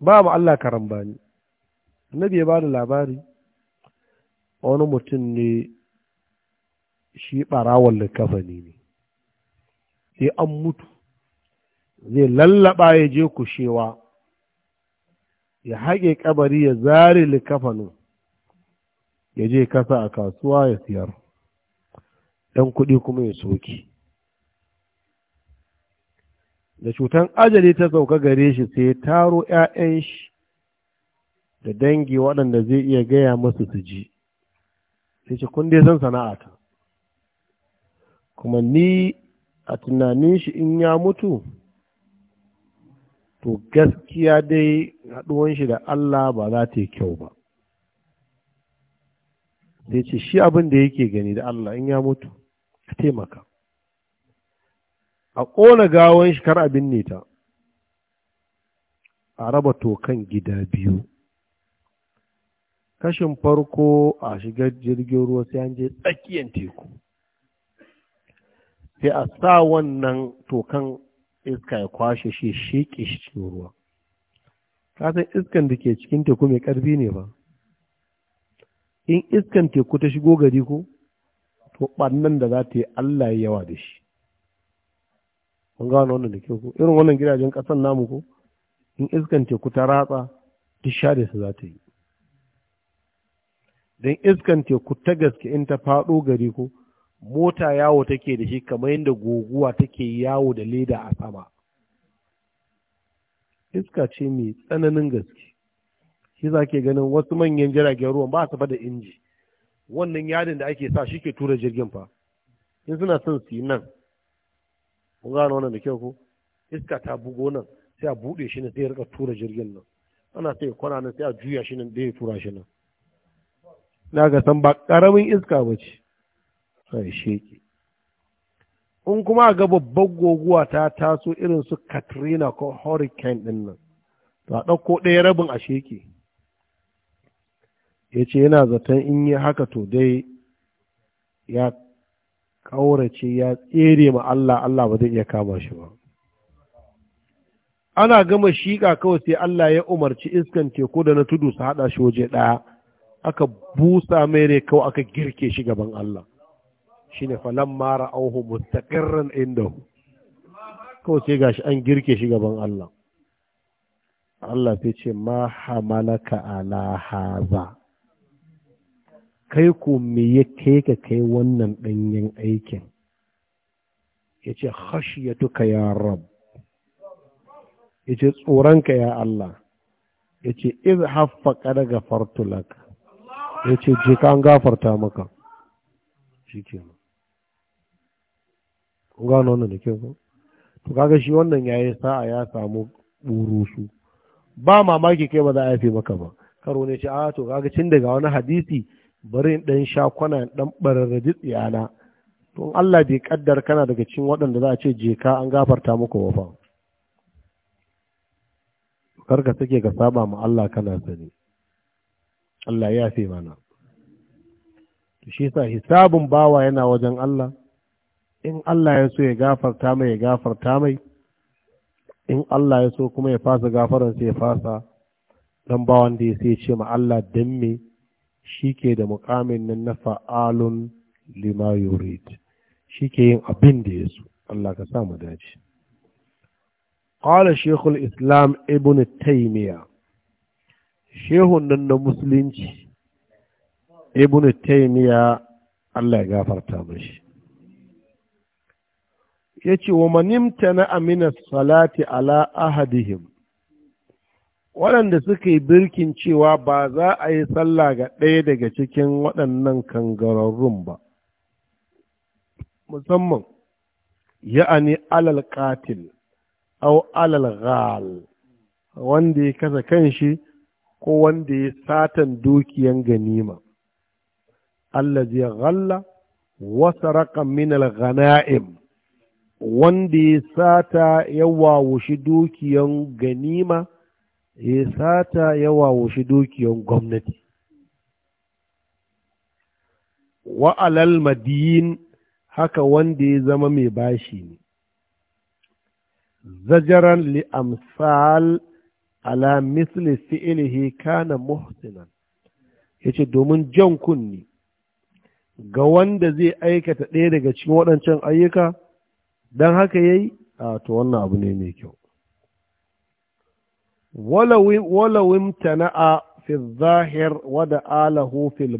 ba mu Allah karambani annabi ya bada labari wani mutum ne shi ɓarawon likafani ne sai an mutu zai lallaba ya je kushewa ya haƙe kabari ya zare likafanin ya je kasa a kasuwa ya siyar ɗan kuɗi kuma ya soke da cutan ajali ta sauka gare shi sai taro 'ya'yan shi da dangi waɗanda zai iya gaya masu su ji sai ce kun dai san sana'ata kuma ni a tunanin shi in ya mutu to gaskiya dai haɗuwan shi da Allah ba za ta yi kyau ba sai ce shi abin da yake gani da Allah in ya mutu a taimaka a ƙona gawon shi kar a binne ta a raba tokan gida biyu kashin farko a shiga jirgin ruwa sai an je tsakiyar teku sai a sa wannan tokan iska ya kwashe shi shiƙe shi cikin ruwa kasan iskan da ke cikin teku mai ƙarfi ne ba in iskan teku ta shigo gari ko to ɓannan da za ta yi Allah ya yawa da shi mun gano wannan da kyau ko irin wannan gidajen ƙasar namu ko in iskan teku ta ratsa duk da su za ta yi don iskan teku ta gaske in ta faɗo gari ko mota yawo take da shi kamar yadda guguwa take yawo da leda a sama iska ce mai tsananin gaske shi za ke ganin wasu manyan jiragen ruwan ba su da inji wannan yadin da ake sa shi ke tura jirgin fa in suna son su yi nan kun gano wannan da kyau ko iska ta bugo nan sai a buɗe shi ne sai ya rika tura jirgin nan ana sai kwana nan sai a juya shi nan da ya tura shi nan na ga san ba ƙaramin iska ba ce sai sheki in kuma a ga babbar goguwa ta taso irin su katrina ko hurricane ɗin nan to a ɗauko ɗaya rabin a sheki ya ce yana zaton in yi haka to dai ya ƙaurace ya tsere ma Allah Allah ba zai iya kama shi ba ana gama shiƙa kawai sai Allah ya umarci iskan teku da na tudu su haɗa shi waje ɗaya aka busa mai rai kawai aka girke shi gaban Allah shi ne falon mara auhu mustaƙirran inda kawai sai gashi an girke shi gaban Allah Allah sai ce ma hamalaka ala haza kai ko me ya teka ka kai wannan ɗanyen aikin ya ce khashiyatuka ya rab ya ce tsoronka ya Allah ya ce iz haffa ƙada ga laka ya ce je ka an gafarta maka shi ke kun gano wannan da kyau ko to kaga shi wannan ya yi sa'a ya samu burusu ba mamaki kai ba za a yafe maka ba karo ne ce a to kaga cin daga wani hadisi bari in ɗan sha kwana ɗan ɓararraji tsiyana to Allah bai kaddar kana daga cikin waɗanda za a ce je ka an gafarta muku wafa karka take ka saba ma Allah kana sani Allah ya fi mana to shi sa hisabun bawa yana wajen Allah in Allah ya so ya gafarta mai ya gafarta mai in Allah ya so kuma ya fasa gafaran ya fasa dan bawan da ya sai ce ma Allah dan me shi ke da mukamin nan na fa'alun lima yurid shi ke yin abin da ya su. Allah ka sa mu daji. shekul islam ibn taymiya shehun nan na musulunci ibn taymiya Allah ya gafarta mashi Ya ce wa manimta na amina salati ala ahadihim waɗanda suka yi birkin cewa ba za a yi sallah ga ɗaya daga cikin waɗannan kangararrun ba musamman ya'ani alal qatil au alal ghal wanda ya kasa kanshi ko wanda ya satan dukiyan ganima allazi ghalla ralla saraqa minal Gana'im wanda ya sata ya wawushi dukiyan ganima ya sata ya wawoshi dukiyan gwamnati wa'alal madiyin haka wanda ya zama mai bashi ne zajaran li'amsal ala misli fi'ilihi kana muhsinan yace domin jan kunni ga wanda zai aikata ɗaya daga cikin waɗancan ayyuka don haka yayi a to wannan abu ne mai kyau walawin tana'a fi zahir wada alahu fil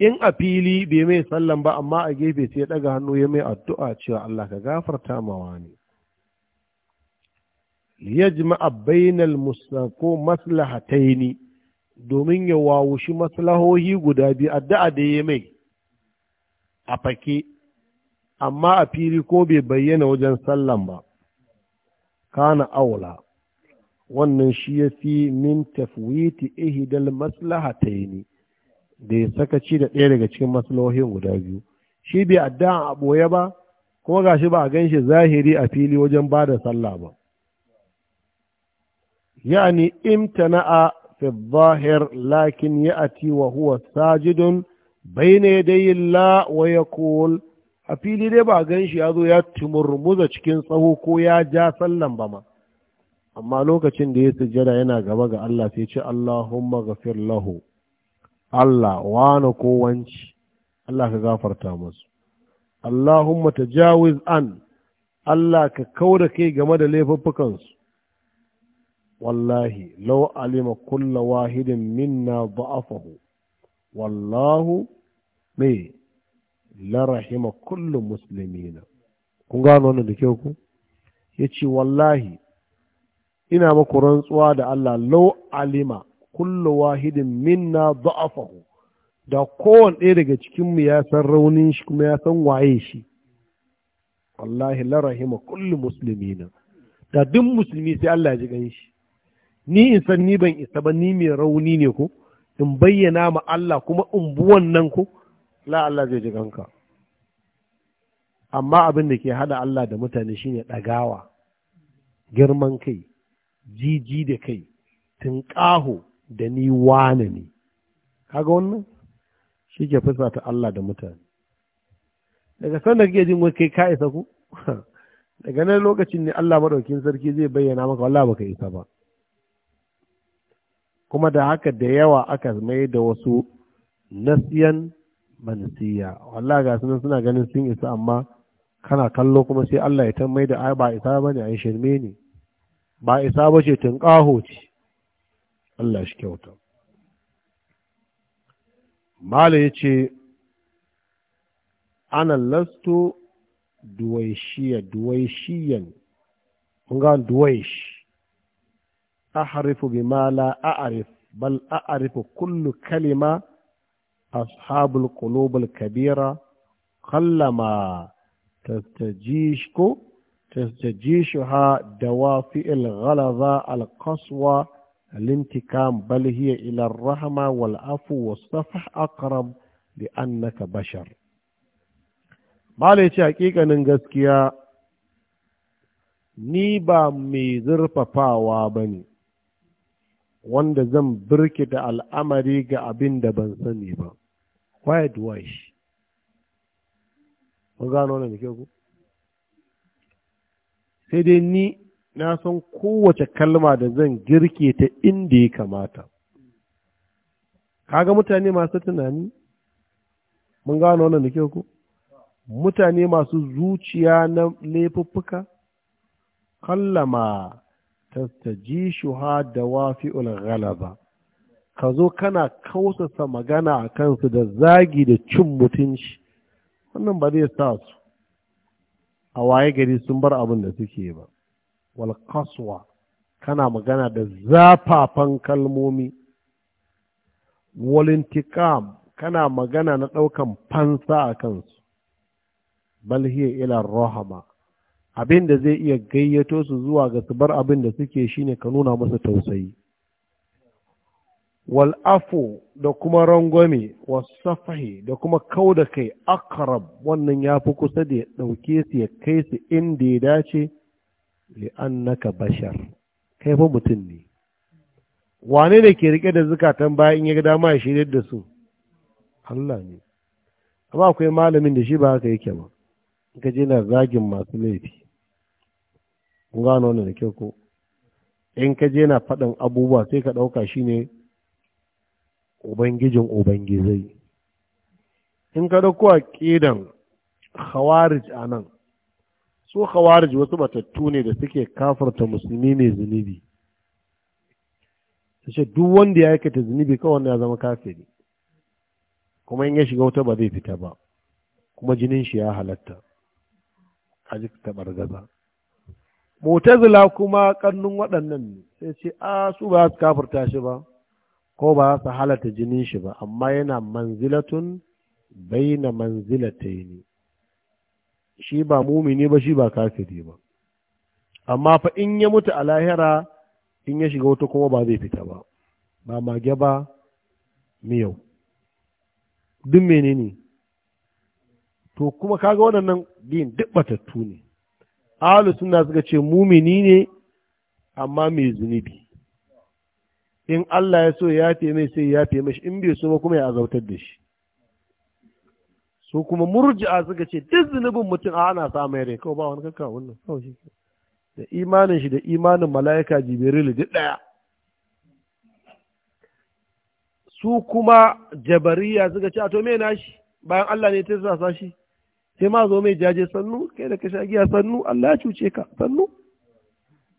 in a fili bai mai sallan ba amma a gefe sai daga hannu ya mai addu'a cewa Allah ka gafarta mawa ne liyajma'a bainal musako maslahataini domin ya wawushi maslahohi guda biyu addu'a da ya mai a fake amma a fili ko bai bayyana wajen sallan ba kana aula wannan shi ya fi min tafwiti ihidal maslahataini da ya sakaci da ɗaya daga cikin maslahohin guda biyu shi bai addu'a a ɓoye ba kuma ga shi ba a gan shi zahiri a fili wajen ba da sallah ba yani imtana'a fi zahir lakin ya'ti wa huwa sajidun bayna yadayi Allah wa yaqul a fili dai ba a gan ya zo ya tumurmuza cikin tsaho ko ya ja sallan ba ma amma lokacin da ya sujjada yana gaba ga Allah sai ce Allahumma ghafir lahu Allah wani ko wanci Allah ka gafarta masu Allahumma tajawiz an Allah ka kauda kai game da laifuffukansu wallahi law alima kulla wahidin minna da'afahu wallahu me la rahima kullu muslimina kun gano wannan da kyau ku yace wallahi ina maku rantsuwa da Allah lau alima kullu wahidin minna da'afahu da kowane ɗaya daga cikinmu ya san raunin shi kuma ya san waye shi wallahi la rahima kullu muslimina da duk musulmi sai Allah ya ji ganshi ni in san ni ban isa ba ni mai rauni ne ko in bayyana ma Allah kuma in bu wannan ko la Allah zai ji ganka amma abin da ke hada Allah da mutane shine ɗagawa girman kai jiji da kai tunƙaho da ni wane ne kaga wannan shi ke ta Allah da mutane daga sanda kake jin wani kai ka isa ku daga nan lokacin ne Allah maɗaukin sarki zai bayyana maka ba ka isa ba kuma da haka da yawa aka mai da wasu nasiyan mansiya wala ga sunan suna ganin sun isa amma kana kallo kuma sai Allah ya tammai da ai ba isa a yi shirme ne ba isa ba ce tunƙaho ce Allah shi kyauta Mala ya ce ana lasto duwaishiya duwaishiyan duwai ga a harifu bi ma la arif, bal a arifu kullu kalima ashabul qulubul kabira kallama ko تستجيشها دوافئ الغلظة القسوة الانتقام بل هي إلى الرحمة والعفو والصفح أقرب لأنك bashar. ما ليش حقيقة ننجزكيا ni ba mai zurfafawa ba ne, wanda zan birki da al'amari ga abin da ban sani ba, quiet sai dai ni na san kowace kalma da zan girke ta inda ya kamata kaga mutane masu tunani mun gano wannan da kyau ku? mutane masu zuciya na laifuffuka kallama tastaji shuha da wafi'ul ghalaba ka zo kana kausasa magana a kansu da zagi da cin mutunci wannan ba zai sa su a waye gari sun bar abin da suke ba wal kaswa kana magana da zafafan kalmomi walintikam kana magana na ɗaukan fansa a kansu bal hiya ila rahama abin da zai iya gayyato su zuwa ga su bar abin da suke shine ka nuna masa tausayi wal'afu da kuma rangwame wasafahi da kuma kau da kai akarab wannan ya fi kusa da ya ɗauke su ya kai su inda ya dace li'annaka bashar kai fa mutum ne wane da ke rike da zukatan bayan ya ga dama ya shirya da su Allah ne amma akwai malamin da shi ba haka yake ba ka je na zagin masu laifi kun gano wannan da kyau ko in ka je na faɗin abubuwa sai ka ɗauka shi ne ubangijin ubangizai in ka da ƙidan aqidan khawarij nan? su khawarij wasu batattu ne da suke kafarta musulmi mai zunubi tace duk wanda ya aikata zunubi kawai ya zama kafiri kuma in ya shiga wuta ba zai fita ba kuma jinin shi ya halatta a ji tabar gaza mutazila kuma kannun waɗannan ne sai ce a su ba su kafarta shi ba ko ba za su halata jinin shi ba amma yana manzilatun baina manzilataini shi ba mumini ba shi ba kafiri ba amma fa in ya mutu a lahira in ya shiga wata kuma ba zai fita ba ba mage ba miyau duk menene to kuma kaga waɗannan biyun duk batattu ne ahalu suna suka ce mumini ne amma mai zunubi in Allah ya so ya yafe mai sai ya yafe mashi in bai so ba kuma ya azautar da shi su kuma murji'a suka ce duk zunubin mutum a ana sa mai rai kawai ba wani kakka wannan kawai shi da imanin shi da imanin mala'ika jibril duk daya su kuma jabariya suka ce a to me na shi bayan Allah ne ta sa shi sai ma zo mai jaje sannu kai da ka sha giya sannu Allah ya cuce ka sannu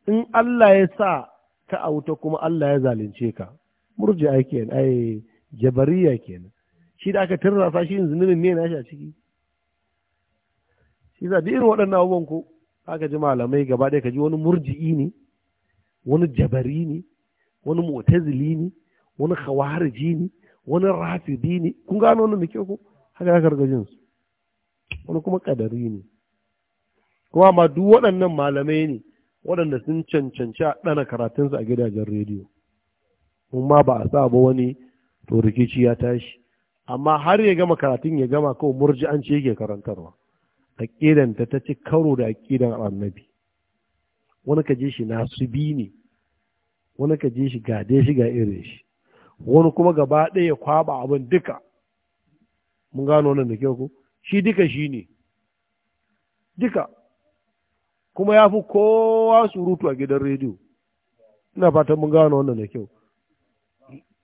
in Allah ya sa ka a wuta kuma Allah ya zalunce ka Murji ake kenan ai jabariya kenan shi da aka sa shi zunubin ne nashi a ciki shi za da irin waɗannan abubuwan ko aka ji malamai gaba ɗaya ka ji wani murji'i ne wani jabari ne wani mu'tazili ne wani khawariji ne wani rafidi ne kun gano wannan muke ko haka aka riga jin wani kuma kadari ne kuma ma duk waɗannan malamai ne waɗanda sun cancanci a ɗana karatunsu a gidajen rediyo kuma ba a sa ba wani to rikici ya tashi amma har ya gama karatun ya gama kawai ce yake karantarwa aƙidanta ta ci karo da aƙidan annabi wani ka je shi bi ne wani ka je shi gade shi ga irin shi wani kuma gaba ɗaya ya kwaɓa abin duka mun gano wannan da kyau ko shi duka shi ne duka kuma ya fi kowa surutu a gidan rediyo ina fatan mun gano wannan da kyau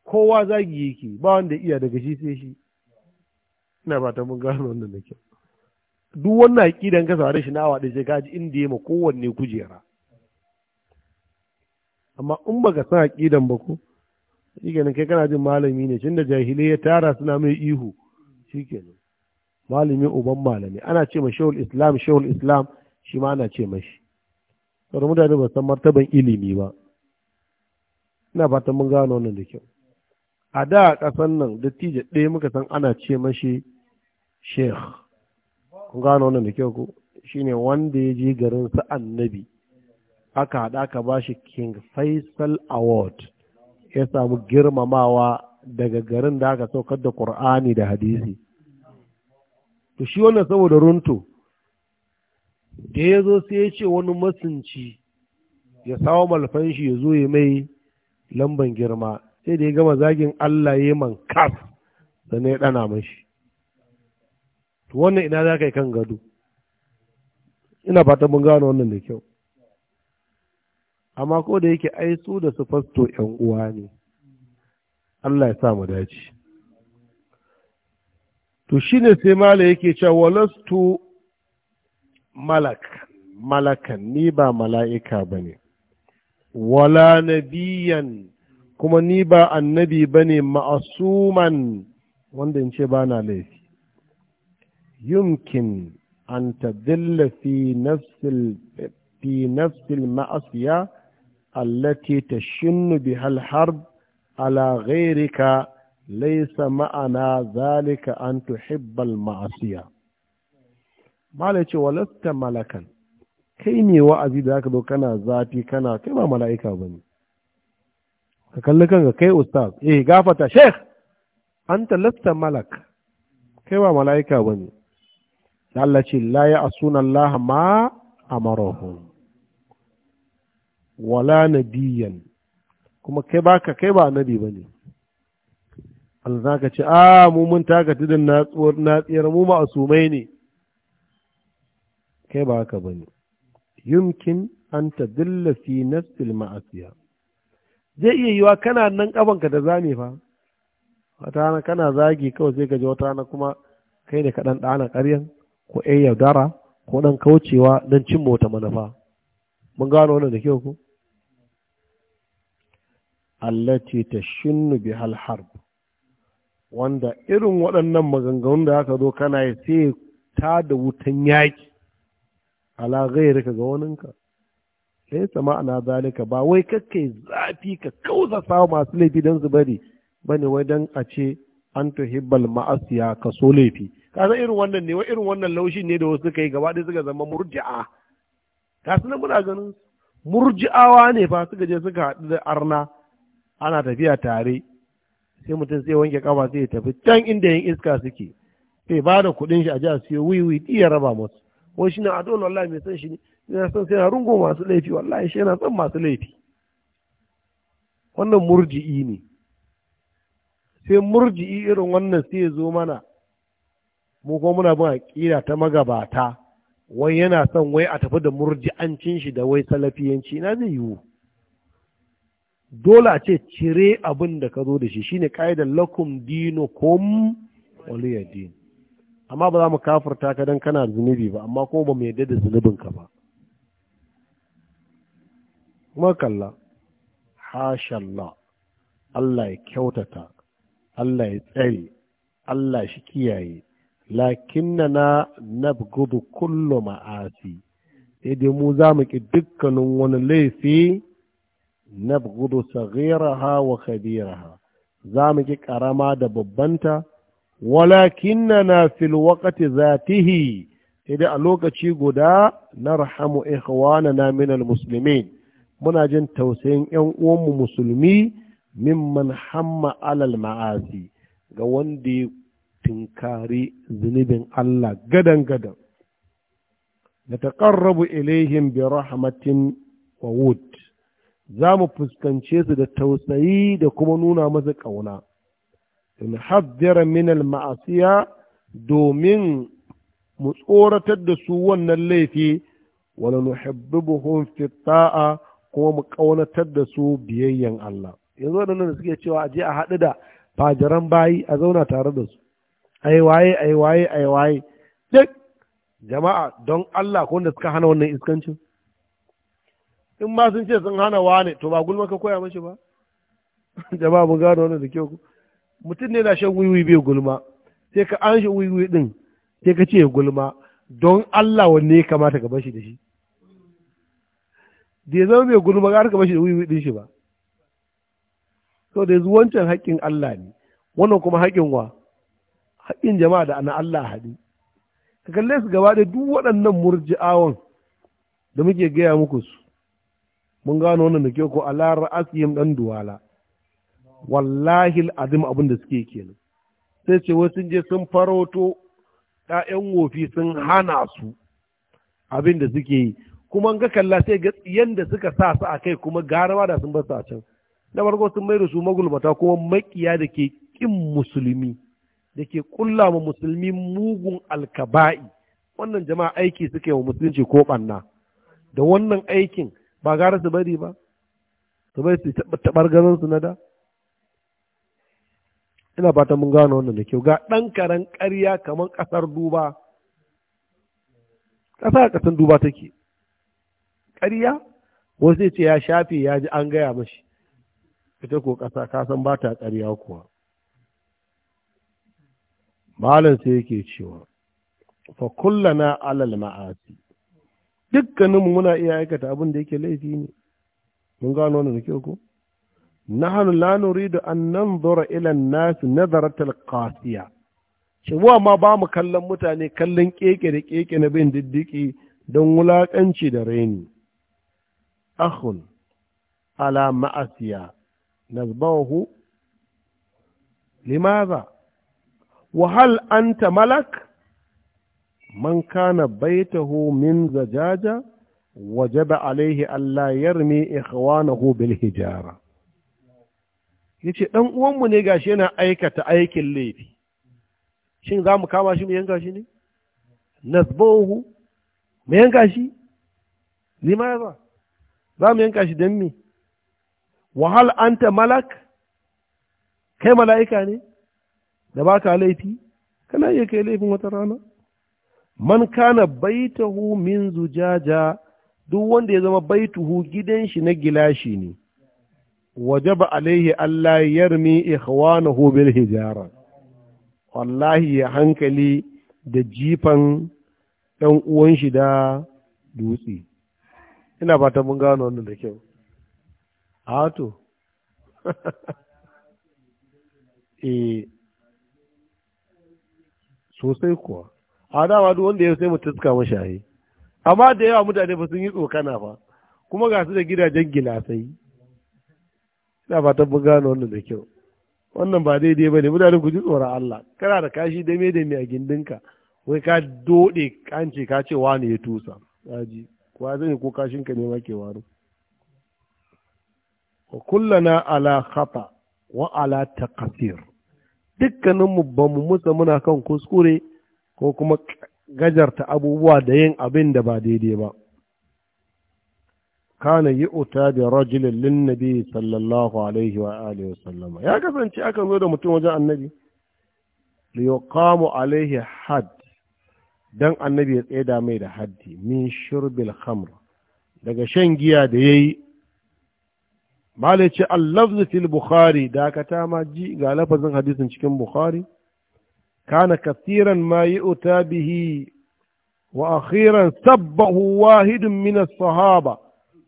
kowa zagi yake ba wanda iya daga shi sai shi ina fatan mun gano wannan da kyau duk wannan aƙidan ka saurare shi na awa ɗaya sai ka ji inda ya ma kowanne kujera amma in baka san aƙidan ba ko shi kenan kai kana jin malami ne tunda jahilai ya tara suna mai ihu shi kenan malami uban malami ana ce ma shehul islam shehul islam shi ma ana ce mashi sauran mutane ba san martaban ilimi ba ina fatan mun gano wannan da kyau a da a ƙasan nan dattijo ɗaya muka san ana ce mashi sheikh kun gano wannan da kyau ko shine wanda ya je garin su annabi aka haɗa ka ba shi king faisal award ya samu girmamawa daga garin da aka saukar da ƙur'ani da hadisi to shi wannan saboda runtu. da ya zo sai ya ce wani masunci ya sawo malfan shi ya zo ya mai lamban girma sai da ya gama zagin Allah ya man kaf sannan ya ɗana mashi wannan ina za ka yi kan gado ina fatan mun gano wannan da kyau amma ko da yake ai su da su fasto 'yan uwa ne Allah ya sa mu dace to shine sai mala yake cewa walastu ملك ملك نيبا ملائكة بني ولا نبيا كما نيبا النبي بني معصوما وند انشي بانا يمكن أن تدل في نفس ال... في نفس المعصية التي تشن بها الحرب على غيرك ليس معنا ذلك أن تحب المعصية mala ce wa lasta malakan kai ne wa'azi da zaka zo kana zafi kana kai ba mala'ika ba ne ka kalli kanka kai ustaz eh gafata sheikh anta lasta malak kai ba mala'ika ba da Allah ce la ya asuna Allah ma amarahum wala nabiyan kuma kai baka kai ba ba ne Allah zaka ce a ah, mu mun taka tudun natsuwar natsiyar mu sumai ne kai ba haka ba ne yumkin an ta dilla fi nafsil ma'asiya zai iya yiwa kana nan ƙafanka da zame fa wata rana kana zagi kawai sai ka wata rana kuma kai da kaɗan ɗana ƙaryan ko ɗan yaudara ko ɗan kaucewa don cin mota manufa mun gano wannan da kyau ko allati ta shinnu bi harb wanda irin waɗannan maganganun da aka zo kana yi sai ta da wutan yaki. ala ghairika ga waninka laysa ma'ana zalika ba wai kake zafi ka kauza sa masu laifi dan su bari bane wai dan a ce an tuhibbal ma'asiya ka so laifi ka san irin wannan ne wai irin wannan laushi ne da wasu kai gaba ɗaya suka zama murji'a ka san muna ganin murji'awa ne fa suka je suka haɗu da arna ana tafiya tare sai mutum sai wanke kafa sai ya tafi can inda yin iska suke sai ba da kuɗin shi a ji a siyo wiwi ya raba musu wai shi na dole wallahi mai son shi ne yana son sai na rungo masu laifi wallahi shi yana son masu laifi wannan murji'i ne sai murji'i irin wannan sai ya zo mana mu ko muna bin aƙida ta magabata wai yana son wai a tafi da murji'ancin shi da wai salafiyanci na zai yiwu dole a ce cire abin da ka zo da shi shine ƙa'idar lakum dinukum waliyadin amma ba za mu kafirta ka don kana zunubi ba amma kuma ba mu yadda da ka ba kuma kalla hashallah Allah ya kyautata Allah ya tsare Allah shi kiyaye na nabgudu kullu ma'asi dai mu za mu ki dukkanin wani laifi nabgudu saghiraha wa kabiraha za mu ki karama da babbanta walakinna fil wakati zatihi idan a lokaci guda na rahamu na minal musulmin, muna jin tausayin yan uwanmu musulmi min man hamma alal ma'asi ga wanda ya tinkari zunubin Allah gadan gadan na taqarrabu ilaihim bi rahmatin wa wud za mu fuskance su da tausayi da kuma nuna masa ƙauna. nuhaddira min al-ma'asiya domin mu tsoratar da su wannan laifi wala nuhibbuhum fi ta'a kuma mu kaunatar da su biyayyan Allah yanzu da nan suke cewa aje a haɗu da fajiran bayi a zauna tare da su ai waye ai waye ai waye duk jama'a don Allah ko wanda suka hana wannan iskancin in ma sun ce sun hana wane to ba gulma ka koya mashi ba jama'a mun gano wannan da kyau mutum ne na shan wiwi bai gulma sai ka an shi wiwi din sai ka ce gulma don Allah wanne ya kamata ka bashi da shi da ya zama bai gulma ga ka bashi da wiwi din shi ba to da yanzu wancan haƙƙin Allah ne wannan kuma haƙƙin wa haƙƙin jama'a da ana Allah haɗi ka kalle su gaba da duk waɗannan murji'awan da muke gaya muku su mun gano wannan da ke ko ala ra'asihim dan duwala wallahi azim abin da suke kenan sai ce wasu je sun faroto yayan wofi sun hana su abin da suke yi kuma ga kalla sai ga suka sa su a kai kuma garawa da sun basu a can na farko sun mai da su magulmata kuma makiya da ke ƙin musulmi da ke ƙulla wa musulmi mugun alkaba'i wannan jama'a aiki suke wa musulunci ko ɓanna da wannan aikin ba gara su bari ba su bai su taɓar ganin na da ina fatan mun gano wannan da kyau ga ɗan karen ƙarya kamar ƙasar duba ƙasa a ƙasar duba take ƙarya wasu ce ya shafe ya ji an gaya mashi ita ko ƙasa ka san ba ta ƙarya kuwa malam sai yake cewa fa na alal ma'asi dukkaninmu muna iya aikata abin da yake laifi ne mun gano wannan da kyau ko nahnu la nuridu an nanzura ila ilan nas nazaratal qasiya cewa ma ba mu kallon mutane kallon keke da keke na bin diddiki don wulaƙanci da raini akhun ala ma'asiya nazbahu limaza wa hal anta malak man kana baitahu min zajaja wajaba alaihi alla yarmi ikhwanahu bil hijara ya ce ɗan uwanmu ne gashi yana aikata aikin laifi shin za mu kama shi mu yanka shi ne nazbohu mu yanka shi lima ya za mu yanka shi don me wahal anta malak kai mala'ika ne da ba ka laifi kana iya kai laifin wata rana man kana baitahu min zujaja duk wanda ya zama baituhu gidan shi na gilashi ne wajaba alaihi Allah يرمي ikhwanahu bil hijara wallahi ya hankali da jifan ɗan uwan shi da dutse ina fata mun gano da kyau a to eh. sosai kuwa a dama duk wanda ya sai mu tuska amma da yawa mutane ba sun yi tsokana ba kuma ga su da gidajen gilasai ina fatan mun gano wannan da kyau wannan ba daidai ba ne mutane ku ji tsoron Allah kana da kashi da me da me a gindinka wai ka dode kance ka ce wani ya tusa kaji kuwa yi ko kashin ka ne ma ke waro wa kullana ala khata wa ala taqsir dukkanin mu ba mu musa muna kan kuskure ko kuma gajarta abubuwa da yin abin da ba daidai ba kana yi uta da rajulun linnabi sallallahu alaihi wa alihi wasallama ya kasance aka zo da mutum wajen annabi liyuqamu alaihi had dan annabi ya tsada mai da haddi min shurbil khamr daga shan giya da yayi yi. ce allafzu fil bukhari dakata ma ji ga lafazin hadisin cikin bukhari kana kasiran ma uta bihi wa akhiran sabbahu wahidun min as-sahaba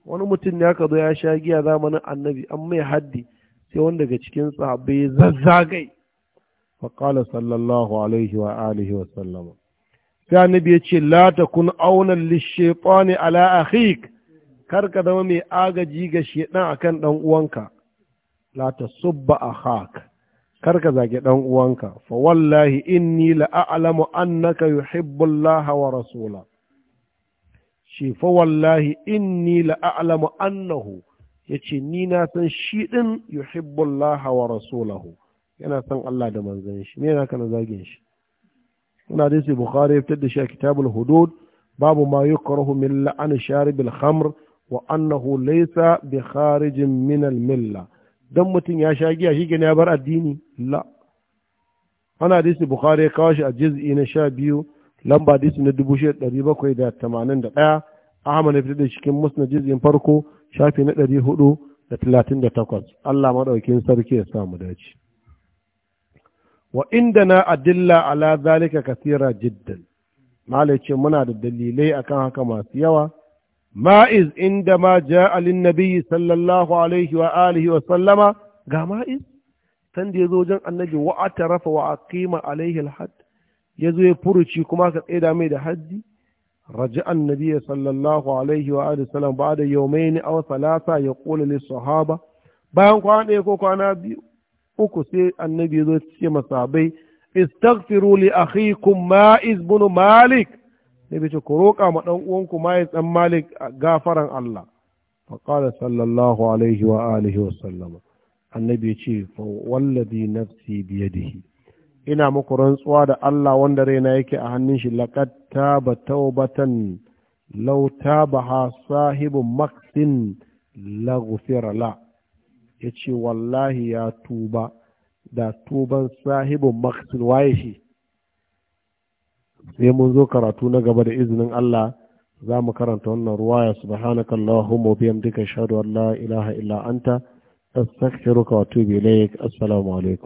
wani mutum ne aka zo ya sha giya zamanin annabi an mai haddi sai wanda daga cikin sahabbai zazzagai faƙala sallallahu alaihi wa alihi wa sallama sai annabi ya ce la takun aunan lishaitani ala akhik kar ka zama mai agaji ga shedan akan dan uwanka la tasubba akhak kar ka zage dan uwanka fa wallahi inni la a'lamu annaka yuhibbu allaha wa rasula ce fa wallahi inni la'alamu annahu yace ce ni na san shi ɗin yuhibbullaha wa rasulahu yana san Allah da manzan shi me yana zagin shi ina dai sai bukhari ya fitar da shi a kitabul hudud babu ma yukrahu min la'an sharibil khamr wa annahu laysa bi kharijin min al milla dan mutum ya sha giya shi ya bar addini la ana dai bukhari ya kawo shi a juz'i na 12 lamba hadisi na 1781 Ahmad ya fitar da cikin musnad jizgin farko shafi na takwas Allah maɗaukin sarki ya samu dace wa indana adilla ala zalika kasira jiddan malai ce muna da dalilai akan haka masu yawa ma'iz inda ma ja'a lin nabiyyi sallallahu alaihi wa alihi wa sallama ga ma'iz san da yazo wajen annabi wa atarafa wa aqima alaihi al ya zo ya furuci kuma ka tsaida mai da haddi raja annabi sallallahu alaihi wa alihi sallam ba da yaumaini aw salasa ya kula lis sahaba bayan kwana ɗaya ko kwana biyu uku sai annabi ya zo ce masabai istaghfiru li akhikum ma'iz bin malik nabi ce ku roƙa ma dan uwanku ma'iz dan malik gafaran Allah sallallahu alaihi wa فقال صلى الله عليه وآله وسلم النبي يقول والذي نفسي بيده ina muku rantsuwa da Allah wanda raina yake a hannun shi ta ba taubatan ba ha sahibu maksin lagufirala ya ce yace wallahi ya tuba da tuban sahibu maksin waye shi sai mun zo karatu na gaba da izinin Allah za mu karanta wannan ruwaya subhanaka allahumma bihamdika ashhadu an la ilaha illa anta astaghfiruka wa atubu ilaik assalamu alaikum